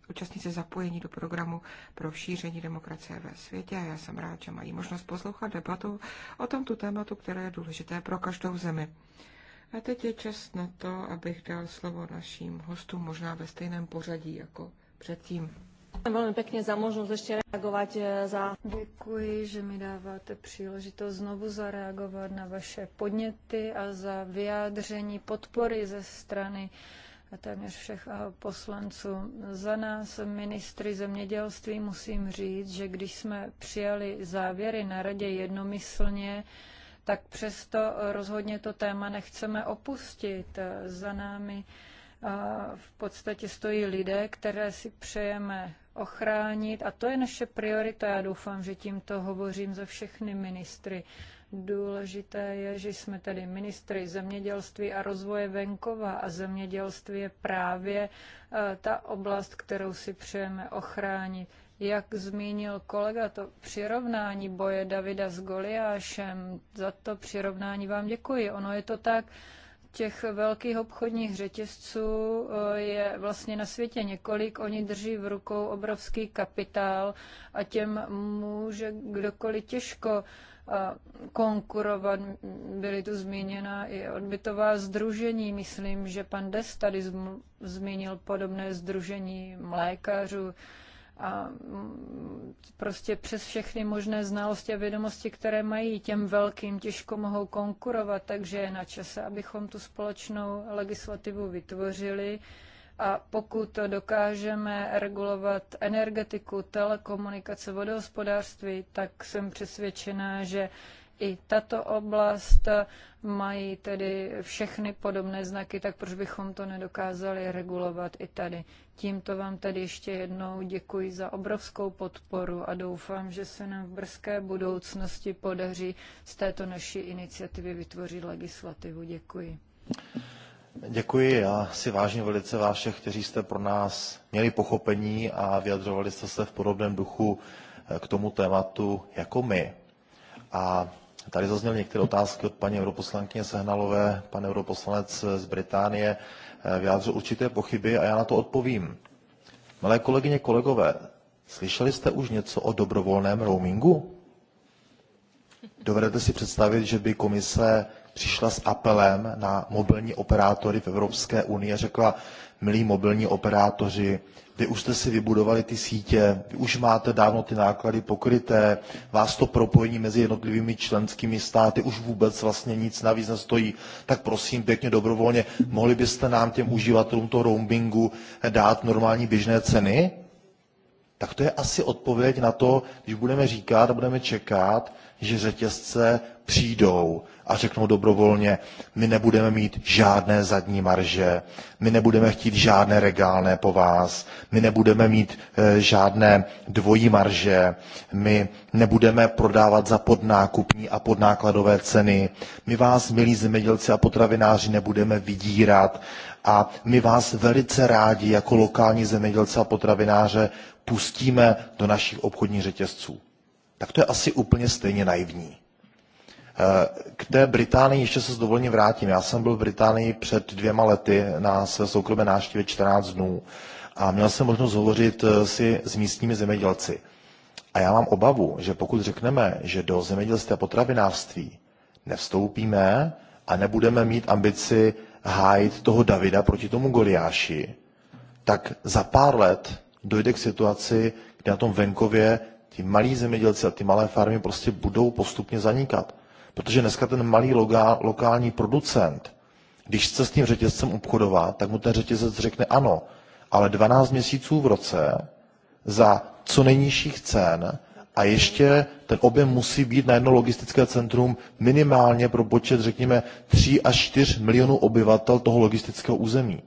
účastníci zapojení do programu pro šíření demokracie ve světě a já jsem rád, že mají možnost poslouchat debatu o tomto tématu, které je důležité pro každou zemi. A teď je čas na to, abych dal slovo našim hostům možná ve stejném pořadí jako předtím. Velmi pěkně za možnost ještě reagovat eh, za... Děkuji, že mi dáváte příležitost znovu zareagovat na vaše podněty a za vyjádření podpory ze strany téměř všech eh, poslanců. Za nás, ministry zemědělství, musím říct, že když jsme přijali závěry na radě jednomyslně, tak přesto rozhodně to téma nechceme opustit. Za námi eh, v podstatě stojí lidé, které si přejeme ochránit a to je naše priorita. Já doufám, že tímto hovořím za všechny ministry. Důležité je, že jsme tedy ministry zemědělství a rozvoje venkova a zemědělství je právě eh, ta oblast, kterou si přejeme ochránit. Jak zmínil kolega, to přirovnání boje Davida s Goliášem, za to přirovnání vám děkuji. Ono je to tak, těch velkých obchodních řetězců eh, je vlastně na světě několik. Oni drží v rukou obrovský kapitál a těm může kdokoliv těžko eh, konkurovat. Byly tu zmíněna i odbytová združení. Myslím, že pan Des tady zmínil podobné združení mlékařů a mm, prostě přes všechny možné znalosti a vědomosti, které mají, těm velkým těžko mohou konkurovat, takže je na čase, abychom tu společnou legislativu vytvořili. A pokud dokážeme regulovat energetiku, telekomunikace, vodohospodářství, tak jsem přesvědčená, že i tato oblast mají tedy všechny podobné znaky, tak proč bychom to nedokázali regulovat i tady. Tímto vám tady ještě jednou děkuji za obrovskou podporu a doufám, že se nám v brzké budoucnosti podaří z této naší iniciativy vytvořit legislativu. Děkuji. Děkuji, já si vážně velice vás všech, kteří jste pro nás měli pochopení a vyjadřovali jste se v podobném duchu eh, k tomu tématu jako my. A tady zazněly některé otázky od paní europoslankyně Sehnalové, pan europoslanec z Británie. Eh, vyjádřil určité pochyby a já na to odpovím. Milé kolegyně, kolegové, slyšeli jste už něco o dobrovolném roamingu? Dovedete si představit, že by komise přišla s apelem na mobilní operátory v Evropské unii a řekla, milí mobilní operátoři, vy už jste si vybudovali ty sítě, vy už máte dávno ty náklady pokryté, vás to propojení mezi jednotlivými členskými státy už vůbec vlastně nic navíc nestojí, tak prosím pěkně dobrovolně, mohli byste nám těm uživatelům toho roamingu dát normální běžné ceny? Tak to je asi odpověď na to, když budeme říkat a budeme čekat, že řetězce přijdou a řeknou dobrovolně, my nebudeme mít žádné zadní marže, my nebudeme chtít žádné regálné po vás, my nebudeme mít e, žádné dvojí marže, my nebudeme prodávat za podnákupní a podnákladové ceny, my vás, milí zemědělci a potravináři, nebudeme vydírat a my vás velice rádi jako lokální zemědělce a potravináře pustíme do našich obchodních řetězců. Tak to je asi úplně stejně naivní. Eh, k té Británii ještě se s dovolením vrátím. Já jsem byl v Británii před dvěma lety na své soukromé návštěvě 14 dnů a měl jsem možnost hovořit eh, si s místními zemědělci. A já mám obavu, že pokud řekneme, že do zemědělství a potravinářství nevstoupíme a nebudeme mít ambici hájit toho Davida proti tomu Goliáši, tak za pár let dojde k situaci, kdy na tom venkově ti malí zemědělci a ty malé farmy prostě budou postupně zanikat. Protože dneska ten malý logál, lokální producent, když chce s tím řetězcem obchodovat, tak mu ten řetězec řekne ano, ale 12 měsíců v roce za co nejnižších cen a ještě ten objem musí být na jedno logistické centrum minimálně pro počet, řekněme, 3 až 4 milionů obyvatel toho logistického území.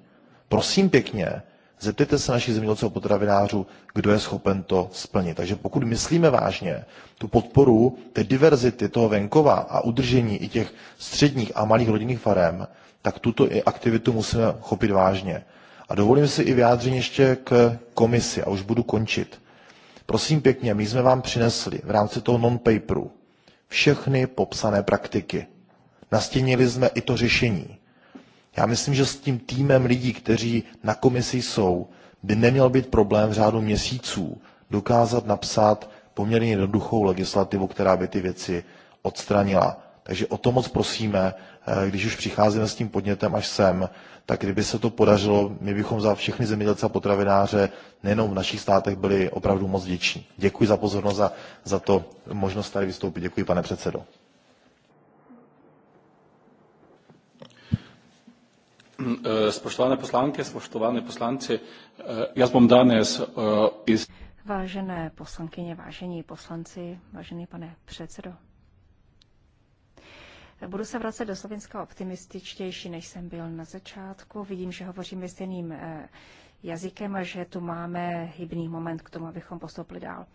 Prosím pěkně, Zeptejte se našich zemědělců a potravinářů, kdo je schopen to splnit. Takže pokud myslíme vážně tu podporu té diverzity toho venkova a udržení i těch středních a malých rodinných farem, tak tuto i aktivitu musíme chopit vážně. A dovolím si i vyjádření ještě k komisi a už budu končit. Prosím pěkně, my jsme vám přinesli v rámci toho non-paperu všechny popsané praktiky. Nastěnili jsme i to řešení. Já myslím, že s tím týmem lidí, kteří na komisi jsou, by neměl být problém v řádu měsíců dokázat napsat poměrně jednoduchou legislativu, která by ty věci odstranila. Takže o to moc prosíme, eh, když už přicházíme s tím podnětem až sem, tak kdyby se to podařilo, my bychom za všechny zemědělce a potravináře nejenom v našich státech byli opravdu moc vděční. Děkuji za pozornost a za to možnost tady vystoupit. Děkuji, pane předsedo. Eh, spoštovane poslanke, spoštovane poslanci, eh, jaz bom danes eh, iz... Vážené poslankyně, vážení poslanci, vážený pane předsedo. Budu se vracet do Slovenska optimističtější, než jsem byl na začátku. Vidím, že hovoříme stejným jazykem a že tu máme hybný moment k tomu, abychom postoupili dál.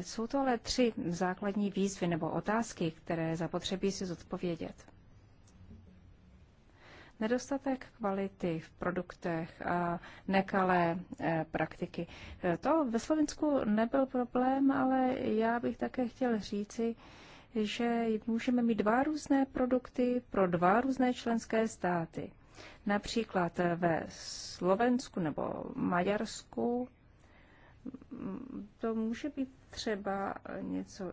Jsou to ale tři základní výzvy nebo otázky, které zapotřebí si zodpovědět. Nedostatek kvality v produktech a nekalé eh, praktiky. Eh, to ve Slovensku nebyl problém, ale já bych také chtěl říci, že můžeme mít dva různé produkty pro dva různé členské státy. Například ve Slovensku nebo Maďarsku mm, to může být třeba něco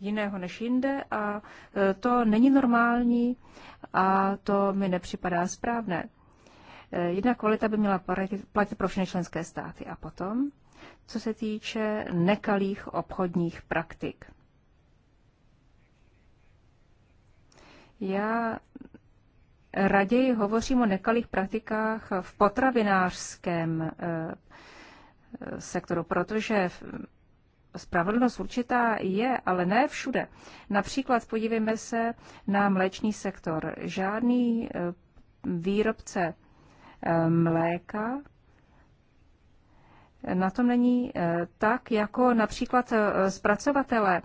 jiného než jinde a e, to není normální a to mi nepřipadá správné. E, jedna kvalita by měla platit pro všechny členské státy a potom, co se týče nekalých obchodních praktik. Já raději hovořím o nekalých praktikách v potravinářském e, sektoru, protože spravedlnost určitá je, ale ne všude. Například podívejme se na mléčný sektor. Žádný eh, výrobce eh, mléka na tom není eh, tak, jako například zpracovatele,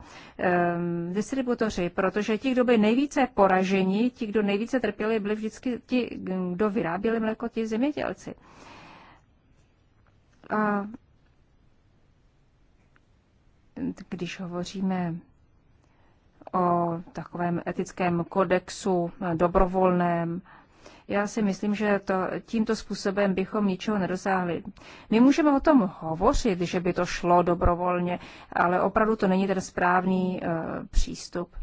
distributoři, protože ti, kdo byli nejvíce poraženi, ti, kdo nejvíce trpěli, byli vždycky ti, kdo vyráběli mléko, ti zemědělci. A když hovoříme o takovém etickém kodexu dobrovolném, já si myslím, že to, tímto způsobem bychom ničeho nedosáhli. My můžeme o tom hovořit, že by to šlo dobrovolně, ale opravdu to není ten správný e, přístup.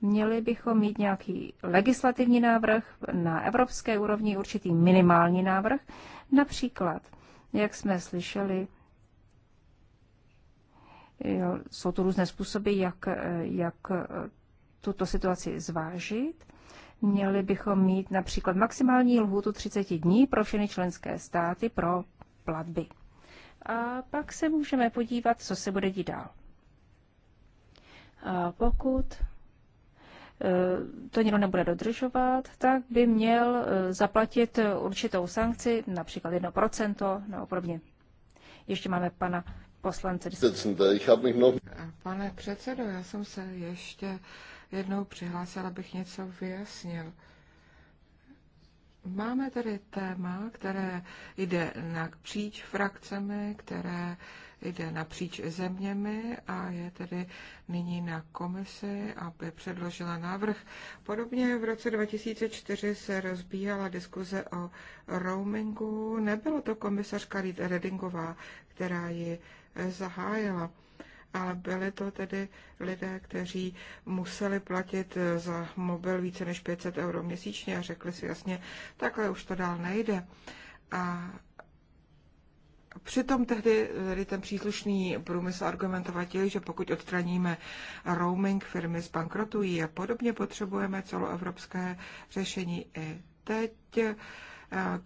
Měli bychom mít nějaký legislativní návrh na evropské úrovni, určitý minimální návrh. Například, jak jsme slyšeli, jsou tu různé způsoby, jak, eh, jak eh, tuto situaci zvážit. Měli bychom mít například maximální lhůtu 30 dní pro všechny členské státy pro platby. A pak se můžeme podívat, co se bude dít dál. A pokud eh, to někdo nebude dodržovat, tak by měl zaplatit určitou sankci, například 1% nebo podobně. Ještě máme pana Pane předsedo, já jsem se ještě jednou přihlásil, abych něco vyjasnil. Máme tady téma, které jde napříč frakcemi, které jde napříč zeměmi a je tedy nyní na komisi, aby předložila návrh. Podobně v roce 2004 se rozbíhala diskuze o roamingu. Nebylo to komisařka Redingová, která ji zahájila. Ale byli to tedy lidé, kteří museli platit za mobil více než 500 euro měsíčně a řekli si jasně, takhle už to dál nejde. A Přitom tehdy tady ten příslušný průmysl argumentoval, že pokud odstraníme roaming, firmy zbankrotují a podobně, potřebujeme celoevropské řešení i teď.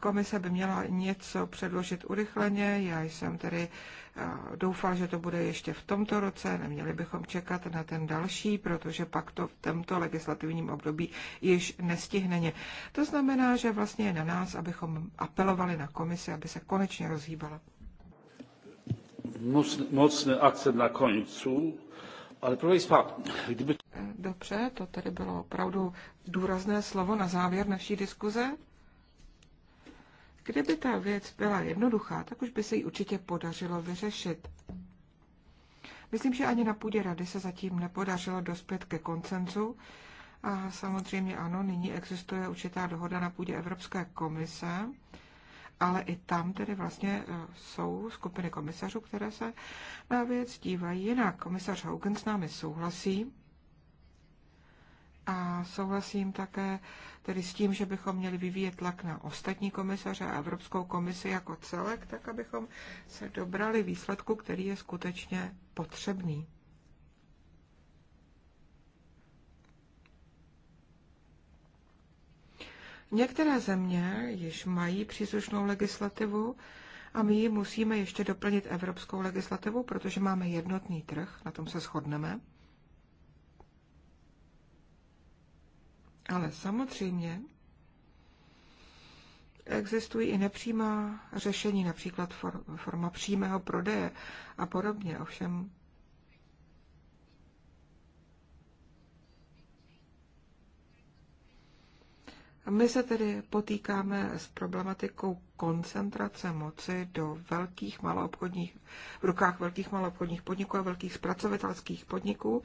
Komise by měla něco předložit urychleně, já jsem tedy eh, doufal, že to bude ještě v tomto roce, neměli bychom čekat na ten další, protože pak to v tomto legislativním období již nestihneně. To znamená, že vlastně je na nás, abychom apelovali na komisi, aby se konečně rozhýbala. Mocný akcent na koncu, ale pro Państwa, kdyby... Eh, dobře, to tedy bylo opravdu důrazné slovo na závěr naší diskuze. Kdyby ta věc byla jednoduchá, tak už by se ji určitě podařilo vyřešit. Myslím, že ani na půdě rady se zatím nepodařilo dospět ke koncenzu. A samozřejmě ano, nyní existuje určitá dohoda na půdě Evropské komise, ale i tam tedy vlastně e, jsou skupiny komisařů, které se na věc dívají jinak. Komisař Hogan s námi souhlasí, a souhlasím také tedy s tím, že bychom měli vyvíjet tlak na ostatní komisaře a Evropskou komisi jako celek, tak abychom se dobrali výsledku, který je skutečně potřebný. Některé země již mají příslušnou legislativu a my ji musíme ještě doplnit evropskou legislativu, protože máme jednotný trh, na tom se shodneme. Ale samozřejmě existují i nepřímá řešení, například forma přímého prodeje a podobně. Ovšem My se tedy potýkáme s problematikou koncentrace moci do velkých maloobchodních, v rukách velkých maloobchodních podniků a velkých zpracovatelských podniků,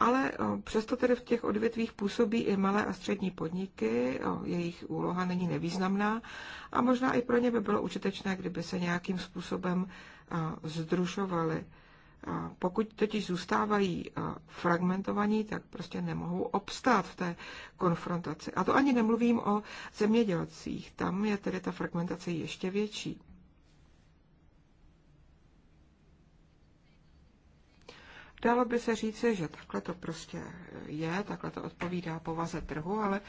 ale přesto tedy v těch odvětvích působí i malé a střední podniky, jejich úloha není nevýznamná a možná i pro ně by bylo užitečné, kdyby se nějakým způsobem združovaly. Pokud totiž zůstávají fragmentovaní, tak prostě nemohou obstát v té konfrontaci. A to ani nemluvím o zemědělcích. Tam je tedy ta fragmentace ještě větší. Dalo by se říci, že takhle to prostě je, takhle to odpovídá povaze trhu, ale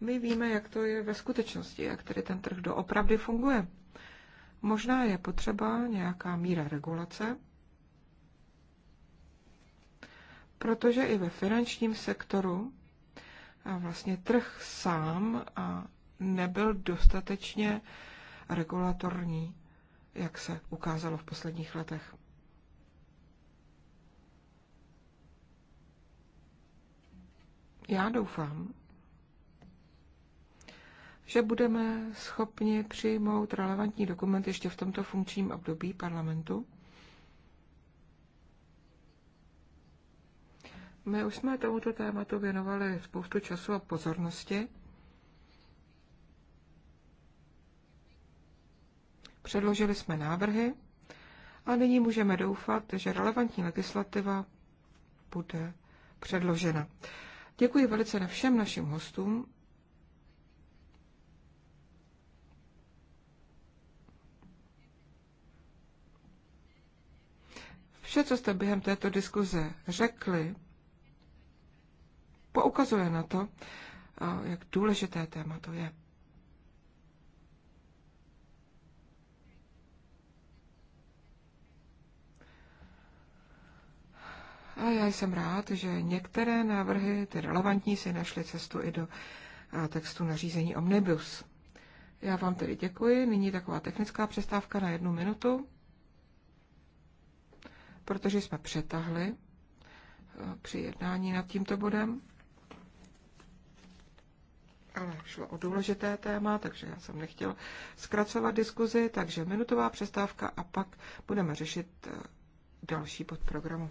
my víme, jak to je ve skutečnosti, jak tedy ten trh doopravdy funguje. Možná je potřeba nějaká míra regulace, protože i ve finančním sektoru a vlastně trh sám a nebyl dostatečně regulatorní, jak se ukázalo v posledních letech. Já doufám, že budeme schopni přijmout relevantní dokument ještě v tomto funkčním období parlamentu My už jsme tomuto tématu věnovali spoustu času a pozornosti. Předložili jsme návrhy a nyní můžeme doufat, že relevantní legislativa bude předložena. Děkuji velice na všem našim hostům. Vše, co jste během této diskuze řekli, poukazuje na to, jak důležité téma to je. A já jsem rád, že některé návrhy, ty relevantní, si našly cestu i do textu nařízení Omnibus. Já vám tedy děkuji. Nyní taková technická přestávka na jednu minutu, protože jsme přetahli při jednání nad tímto bodem ale šlo o důležité téma, takže já jsem nechtěl zkracovat diskuzi, takže minutová přestávka a pak budeme řešit eh, další podprogramu.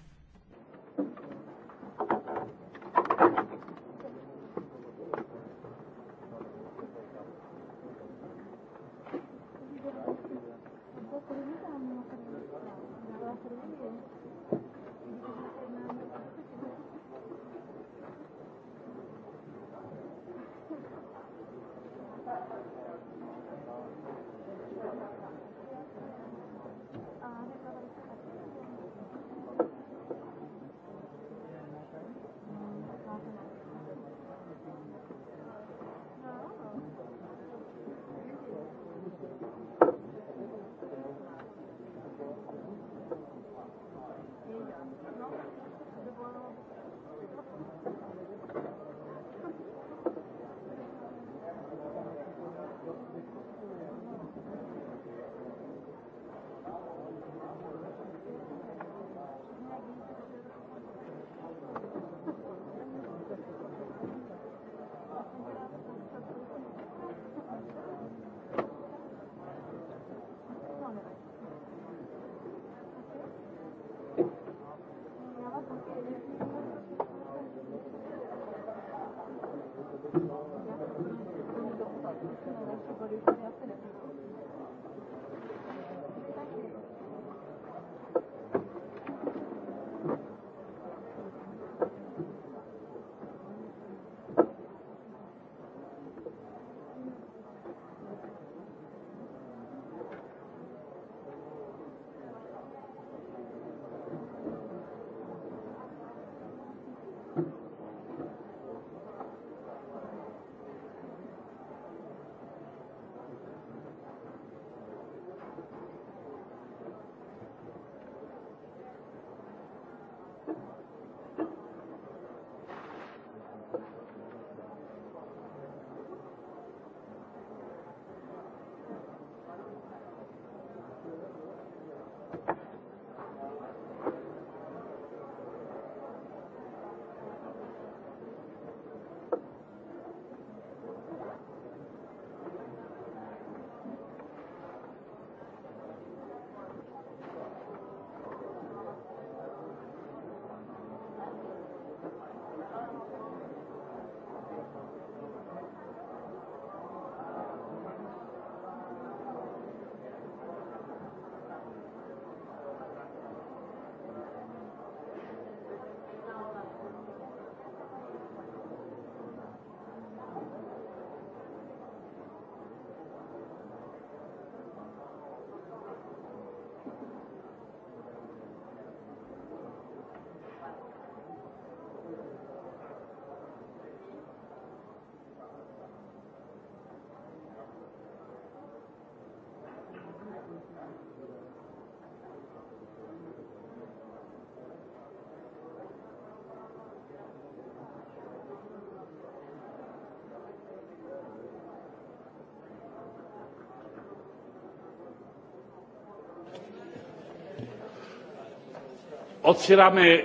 Otwieramy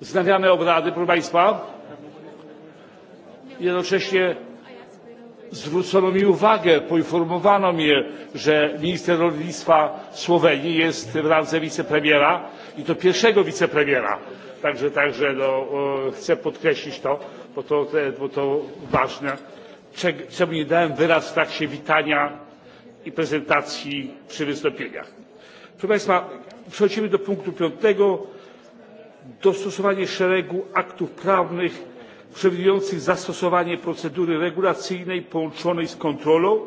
znawiane obrady, proszę Państwa. Jednocześnie zwrócono mi uwagę, poinformowano mnie, że minister rolnictwa Słowenii jest w randze wicepremiera i to pierwszego wicepremiera. Także, także no, chcę podkreślić to, bo to, bo to ważne, czemu nie dałem wyraz w trakcie witania i prezentacji przy wystąpieniach. Proszę Państwa, Przechodzimy do punktu piątego. Dostosowanie szeregu aktów prawnych przewidujących zastosowanie procedury regulacyjnej połączonej z kontrolą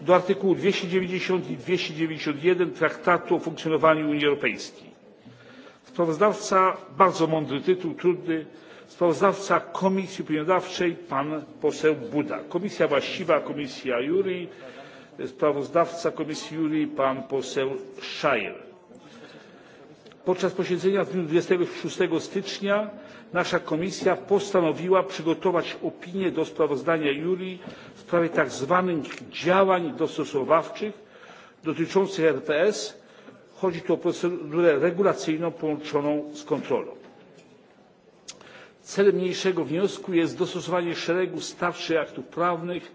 do artykułów dwieście dziewięćdzisiąt i dwieście dziewięćdzisiąt jeden traktatu o funkcjonowaniu unii europejskiej. sprawozdawca bardzo mądry tytuł trudny sprawozdawca komisji opiniodawczej pan poseł buda komisja właściwa komisja juri sprawozdawca komisji juri pan poseł szjer podczas posiedzenia w dniu dwadzieścia sześć stycznia nasza komisja postanowiła przygotować opinię do sprawozdania juri w sprawie tak zwanych działań dostosowawczych dotyczących rps chodzi tu o procedurę regulacyjną połączoną z kontrolą. celem niniejszego wniosku jest dostosowanie szeregu starszych aktów prawnych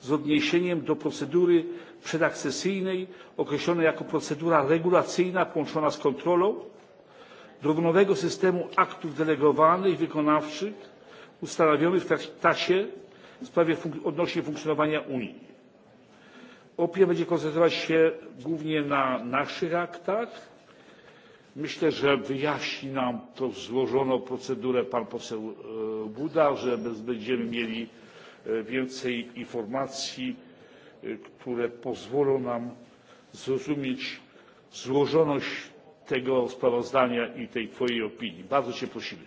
z odniesieniem do procedury przedakcesyjnej określonej jako procedura regulacyjna połączona z kontrolą do nowego systemu aktów delegowanych i wykonawczych ustanowionych w traktacie w sprawie odnośnie funkcjonowania unii. opie będzie koncentrować się głównie na naszych aktach. myślę że wyjaśni nam to złożoną procedurę pan poseł e, buda że będziemy mieli e, więcej informacji które pozwolą nam zrozumieć złożoność tego sprawozdania i tej twojej opinii. bardzo cię prosimy.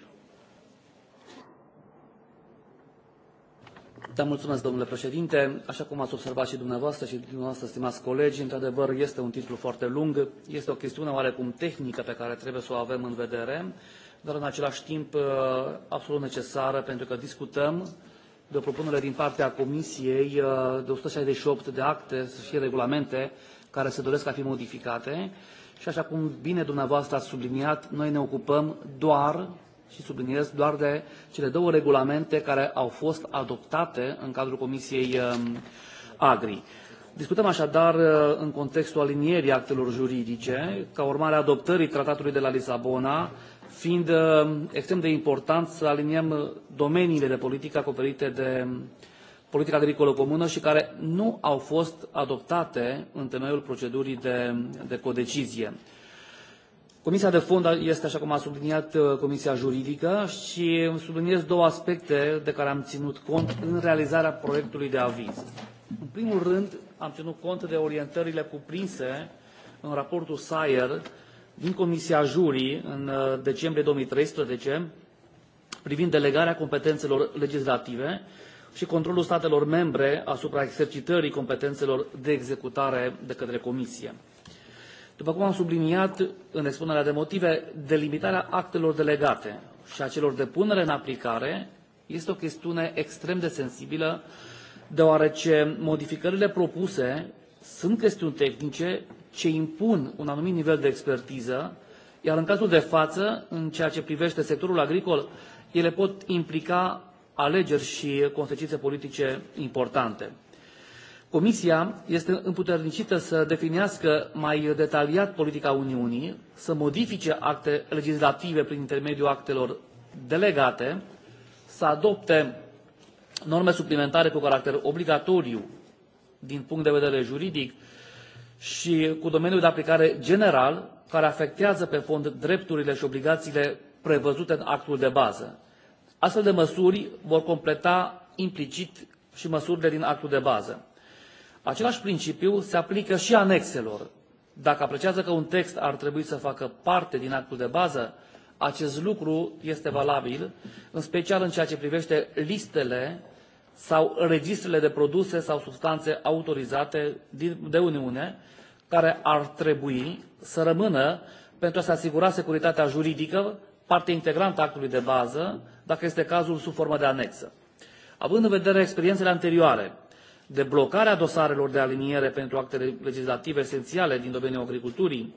Da, mulțumesc, domnule președinte. Așa cum ați observat și dumneavoastră și dumneavoastră, stimați colegi, într-adevăr este un titlu foarte lung, este o chestiune oarecum tehnică pe care trebuie să o avem în vedere, dar în același timp uh, absolut necesară pentru că discutăm de o propunere din partea Comisiei uh, de 168 de acte și regulamente care se doresc a fi modificate și așa cum bine dumneavoastră ați subliniat, noi ne ocupăm doar și subliniez doar de cele două regulamente care au fost adoptate în cadrul Comisiei um, Agri. Discutăm așadar uh, în contextul alinierii actelor juridice, ca urmare a adoptării Tratatului de la Lisabona, fiind uh, extrem de important să aliniem domeniile de politică acoperite de um, politica agricolă comună și care nu au fost adoptate în temeiul procedurii de, de codecizie. Comisia de fond este, așa cum a subliniat uh, Comisia Juridică și subliniez două aspecte de care am ținut cont în realizarea proiectului de aviz. În primul rând, am ținut cont de orientările cuprinse în raportul Sayer din Comisia Juri în uh, decembrie 2013 privind delegarea competențelor legislative și controlul statelor membre asupra exercitării competențelor de executare de către Comisie. După cum am subliniat în expunerea de motive, delimitarea actelor delegate și a celor de punere în aplicare este o chestiune extrem de sensibilă, deoarece modificările propuse sunt chestiuni tehnice ce impun un anumit nivel de expertiză, iar în cazul de față, în ceea ce privește sectorul agricol, ele pot implica alegeri și consecințe politice importante. Comisia este împuternicită să definească mai detaliat politica Uniunii, să modifice acte legislative prin intermediul actelor delegate, să adopte norme suplimentare cu caracter obligatoriu din punct de vedere juridic și cu domeniul de aplicare general, care afectează pe fond drepturile și obligațiile prevăzute în actul de bază. Astfel de măsuri vor completa implicit și măsurile din actul de bază. Același principiu se aplică și anexelor. Dacă apreciază că un text ar trebui să facă parte din actul de bază, acest lucru este valabil, în special în ceea ce privește listele sau registrele de produse sau substanțe autorizate de Uniune, care ar trebui să rămână pentru a se asigura securitatea juridică, parte integrantă a actului de bază, dacă este cazul sub formă de anexă. Având în vedere experiențele anterioare de blocarea dosarelor de aliniere pentru actele legislative esențiale din domeniul agriculturii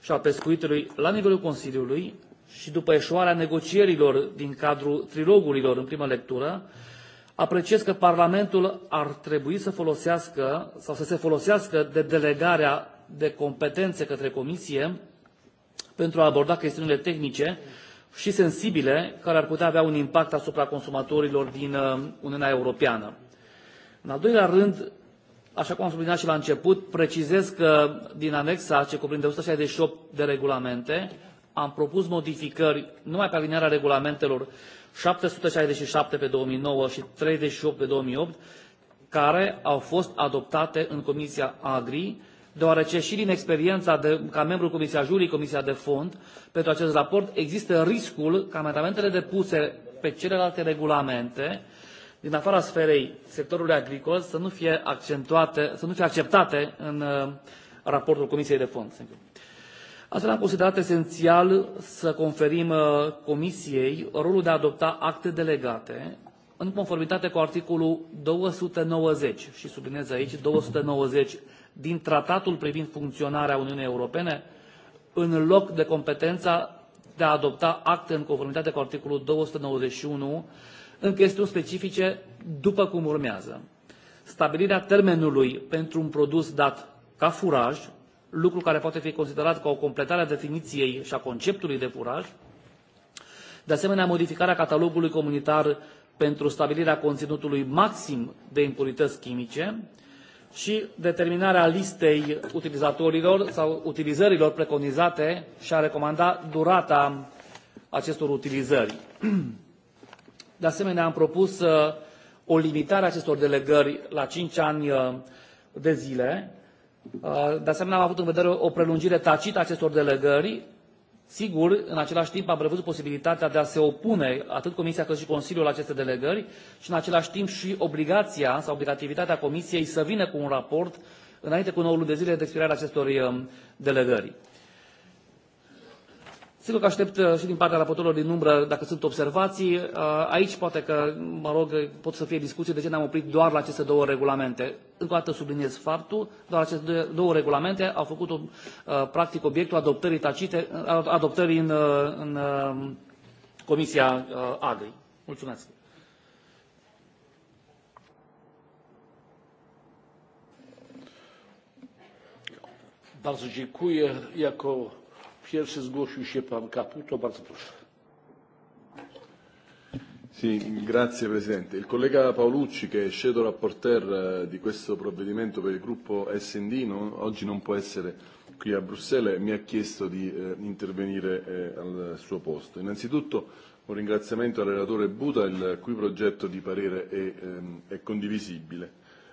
și al pescuitului la nivelul Consiliului și după eșuarea negocierilor din cadrul trilogurilor în primă lectură, apreciez că Parlamentul ar trebui să folosească sau să se folosească de delegarea de competențe către Comisie pentru a aborda chestiunile tehnice și sensibile care ar putea avea un impact asupra consumatorilor din uh, Uniunea Europeană. În al doilea rând, așa cum am subliniat și la început, precizez că din anexa ce cuprinde 168 de regulamente am propus modificări numai pe alinearea regulamentelor 767 pe 2009 și 38 pe 2008, care au fost adoptate în Comisia Agri, deoarece și din experiența de, ca membru Comisia Jurii, Comisia de Fond, pentru acest raport există riscul ca amendamentele depuse pe celelalte regulamente din afara sferei sectorului agricol să nu fie accentuate, să nu fie acceptate în uh, raportul Comisiei de Fond. Thank you. Astfel am considerat esențial să conferim uh, Comisiei rolul de a adopta acte delegate în conformitate cu articolul 290 și subliniez aici 290 din Tratatul privind funcționarea Uniunii Europene, în loc de competența de a adopta acte în conformitate cu articolul 291 în chestiuni specifice, după cum urmează. Stabilirea termenului pentru un produs dat ca furaj lucru care poate fi considerat ca o completare a definiției și a conceptului de furaj, de asemenea modificarea catalogului comunitar pentru stabilirea conținutului maxim de impurități chimice și determinarea listei utilizatorilor sau utilizărilor preconizate și a recomanda durata acestor utilizări. De asemenea, am propus uh, o limitare a acestor delegări la 5 ani uh, de zile, Uh, de asemenea, am avut în vedere o prelungire tacită a acestor delegări. Sigur, în același timp am prevăzut posibilitatea de a se opune atât Comisia cât și Consiliul la aceste delegări și în același timp și obligația sau obligativitatea Comisiei să vină cu un raport înainte cu 9 luni de zile de expirarea acestor um, delegări. Sigur că aștept uh, și din partea raportorilor din umbră dacă sunt observații. Uh, aici poate că, mă rog, pot să fie discuții de ce ne-am oprit doar la aceste două regulamente. Încă o dată subliniez faptul, doar aceste două regulamente au făcut o, uh, practic obiectul adoptării tacite, adoptării în, în Comisia Agri. Mulțumesc. Bardzo dziękuję. Jako Pierwszy zgłosił się pan Caputo. Bardzo proszę. Sì, grazie Presidente. Il collega Paolucci, che è shadow rapporteur eh, di questo provvedimento per il gruppo SD, no, oggi non può essere qui a Bruxelles e mi ha chiesto di eh, intervenire eh, al suo posto. Innanzitutto un ringraziamento al relatore Buda, il cui progetto di parere è, ehm, è condivisibile.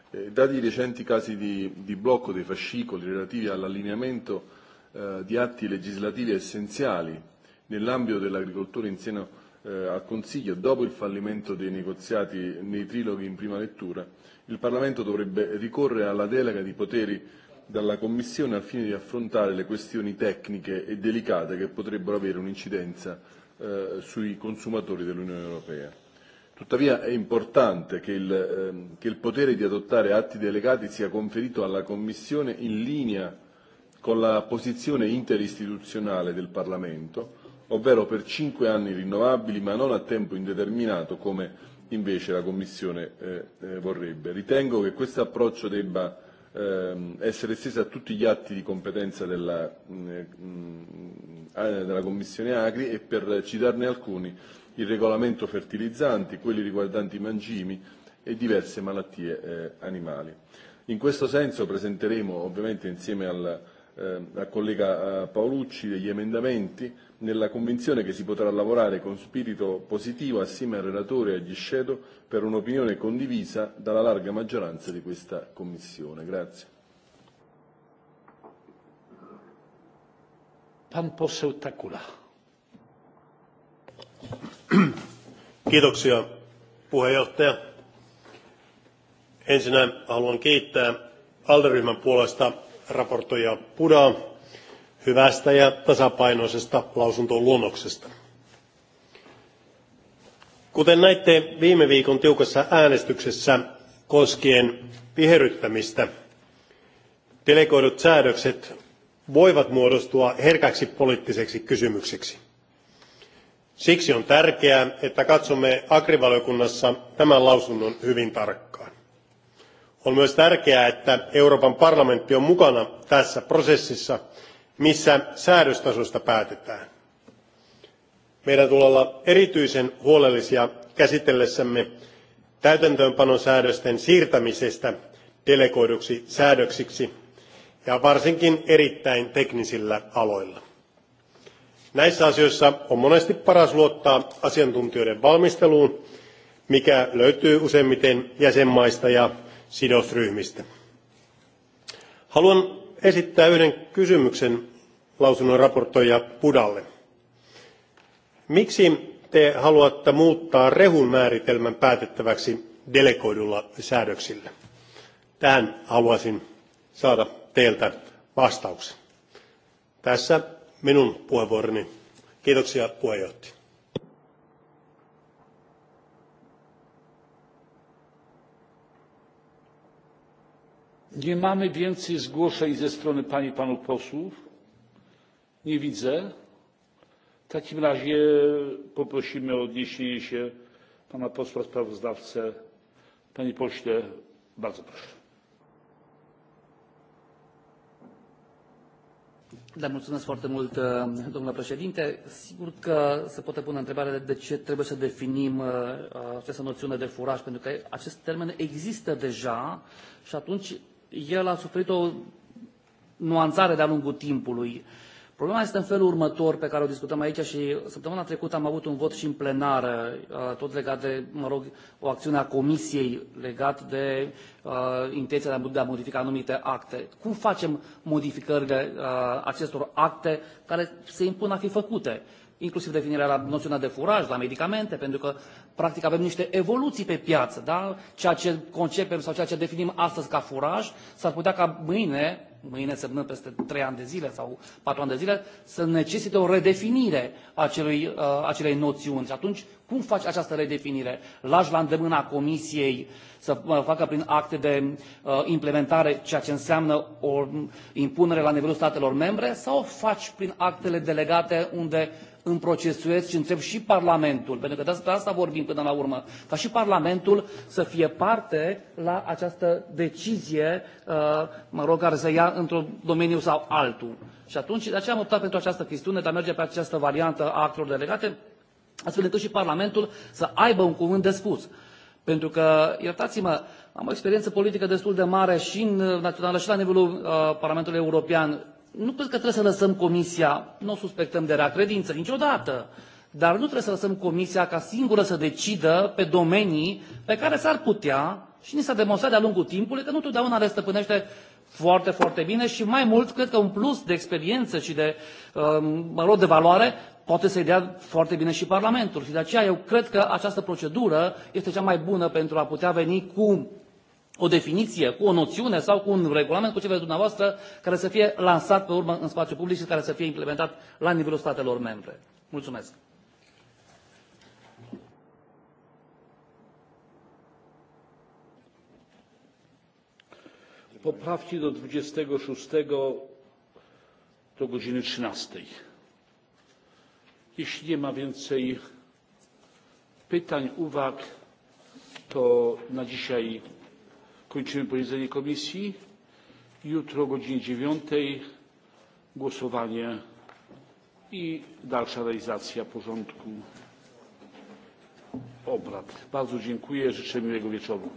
Eh, dati i recenti casi di, di blocco dei fascicoli relativi all'allineamento eh, di atti legislativi essenziali nell'ambito dell'agricoltura insieme eh, al Consiglio, dopo il fallimento dei negoziati nei triloghi in prima lettura, il Parlamento dovrebbe ricorrere alla delega di poteri dalla Commissione al fine di affrontare le questioni tecniche e delicate che potrebbero avere un'incidenza eh, sui consumatori dell'Unione Europea. Tuttavia è importante che il, eh, che il potere di adottare atti delegati sia conferito alla Commissione in linea con la posizione interistituzionale del Parlamento, ovvero per cinque anni rinnovabili ma non a tempo indeterminato come invece la Commissione eh, eh, vorrebbe. Ritengo che questo approccio debba ehm, essere esteso a tutti gli atti di competenza della, mh, mm, mm, eh, della Commissione Agri e per citarne alcuni il regolamento fertilizzanti, quelli riguardanti i mangimi e diverse malattie eh, animali. In questo senso presenteremo ovviamente insieme al Ehm, eh, al collega Paolucci degli emendamenti, nella convinzione che si potrà lavorare con spirito positivo assieme al relatore e agli shadow per un'opinione condivisa dalla larga maggioranza di questa Commissione. Grazie. Pan poseł Takula. Kiitoksia puheenjohtaja. Ensinnä haluan kiittää alderyhmän puolesta raportoija Pudaa hyvästä ja tasapainoisesta lausuntoluonnoksesta. Kuten näitte viime viikon tiukassa äänestyksessä koskien viherryttämistä, delegoidut säädökset voivat muodostua herkäksi poliittiseksi kysymykseksi. Siksi on tärkeää, että katsomme agrivaliokunnassa tämän lausunnon hyvin tarkkaan on myös tärkeää että euroopan parlamentti on mukana tässä prosessissa missä säädöstasosta päätetään. meidän tulee olla erityisen huolellisia käsitellessämme täytäntöönpanosäädösten siirtämisestä delegoiduksi säädöksiksi ja varsinkin erittäin teknisillä aloilla. näissä asioissa on monesti paras luottaa asiantuntijoiden valmisteluun mikä löytyy useimmiten jäsenmaista ja sidosryhmistä. Haluan esittää yhden kysymyksen lausunnon raportoija Pudalle. Miksi te haluatte muuttaa rehun määritelmän päätettäväksi delegoidulla säädöksillä? Tähän haluaisin saada teiltä vastauksen. Tässä minun puheenvuoroni. Kiitoksia puheenjohtaja. Nie mamy więcej zgłoszeń ze strony pań i panów posłów. Nie widzę. W takim razie poprosimy o odniesienie się pana posła sprawozdawcę. Panie pośle, bardzo proszę. Da, mulțumesc foarte mult, uh, domnule președinte. Sigur că se poate pune întrebarea de ce trebuie să definim uh, această noțiune de furaj, pentru că acest termen există deja și atunci el a suferit o nuanțare de-a lungul timpului. Problema este în felul următor pe care o discutăm aici și săptămâna trecută am avut un vot și în plenară, uh, tot legat de, mă rog, o acțiune a Comisiei legat de uh, intenția de a modifica anumite acte. Cum facem modificările uh, acestor acte care se impun a fi făcute? Uh, inclusiv revenirea la noțiunea de furaj, la medicamente, pentru că practic avem niște evoluții pe piață, da? Ceea ce concepem sau ceea ce definim astăzi ca furaj, s-ar putea ca mâine, mâine semnând peste 3 ani de zile sau 4 ani de zile, să necesite o redefinire a acelui, uh, acelei noțiuni. Și atunci, cum faci această redefinire? Lași la îndemâna Comisiei să facă prin acte de uh, implementare ceea ce înseamnă o impunere la nivelul statelor membre sau o faci prin actele delegate unde îmi procesuez și întreb și Parlamentul, pentru că despre asta vorbim până la urmă, ca și Parlamentul să fie parte la această decizie, uh, mă rog, care se ia într-un domeniu sau altul. Și atunci, de aceea am optat pentru această chestiune, dar merge pe această variantă a actelor delegate, astfel încât și Parlamentul să aibă un cuvânt de spus. Pentru că, iertați-mă, am o experiență politică destul de mare și în uh, națională și la nivelul uh, Parlamentului European nu cred că trebuie să lăsăm comisia, nu o suspectăm de rea credință niciodată, dar nu trebuie să lăsăm comisia ca singură să decidă pe domenii pe care s-ar putea și ni s-a demonstrat de-a lungul timpului că nu totdeauna le stăpânește foarte, foarte bine și mai mult, cred că un plus de experiență și de, um, mă rog, de valoare poate să-i dea foarte bine și Parlamentul. Și de aceea eu cred că această procedură este cea mai bună pentru a putea veni cu o definiție, cu o noțiune sau cu un regulament, cu ce vreți dumneavoastră, care să fie lansat pe urmă în spațiu public și care să fie implementat la nivelul statelor membre. Mulțumesc! poprawki do 26 do godziny 13. jeśli nie ma więcej pytań uwag to na dzisiaj kończymy posiedzenie komisji. jutro o godzinie dziewięć głosowanie i dalsza realizacja porządku obrad. bardzo dziękuję życzę miłego wieczoru.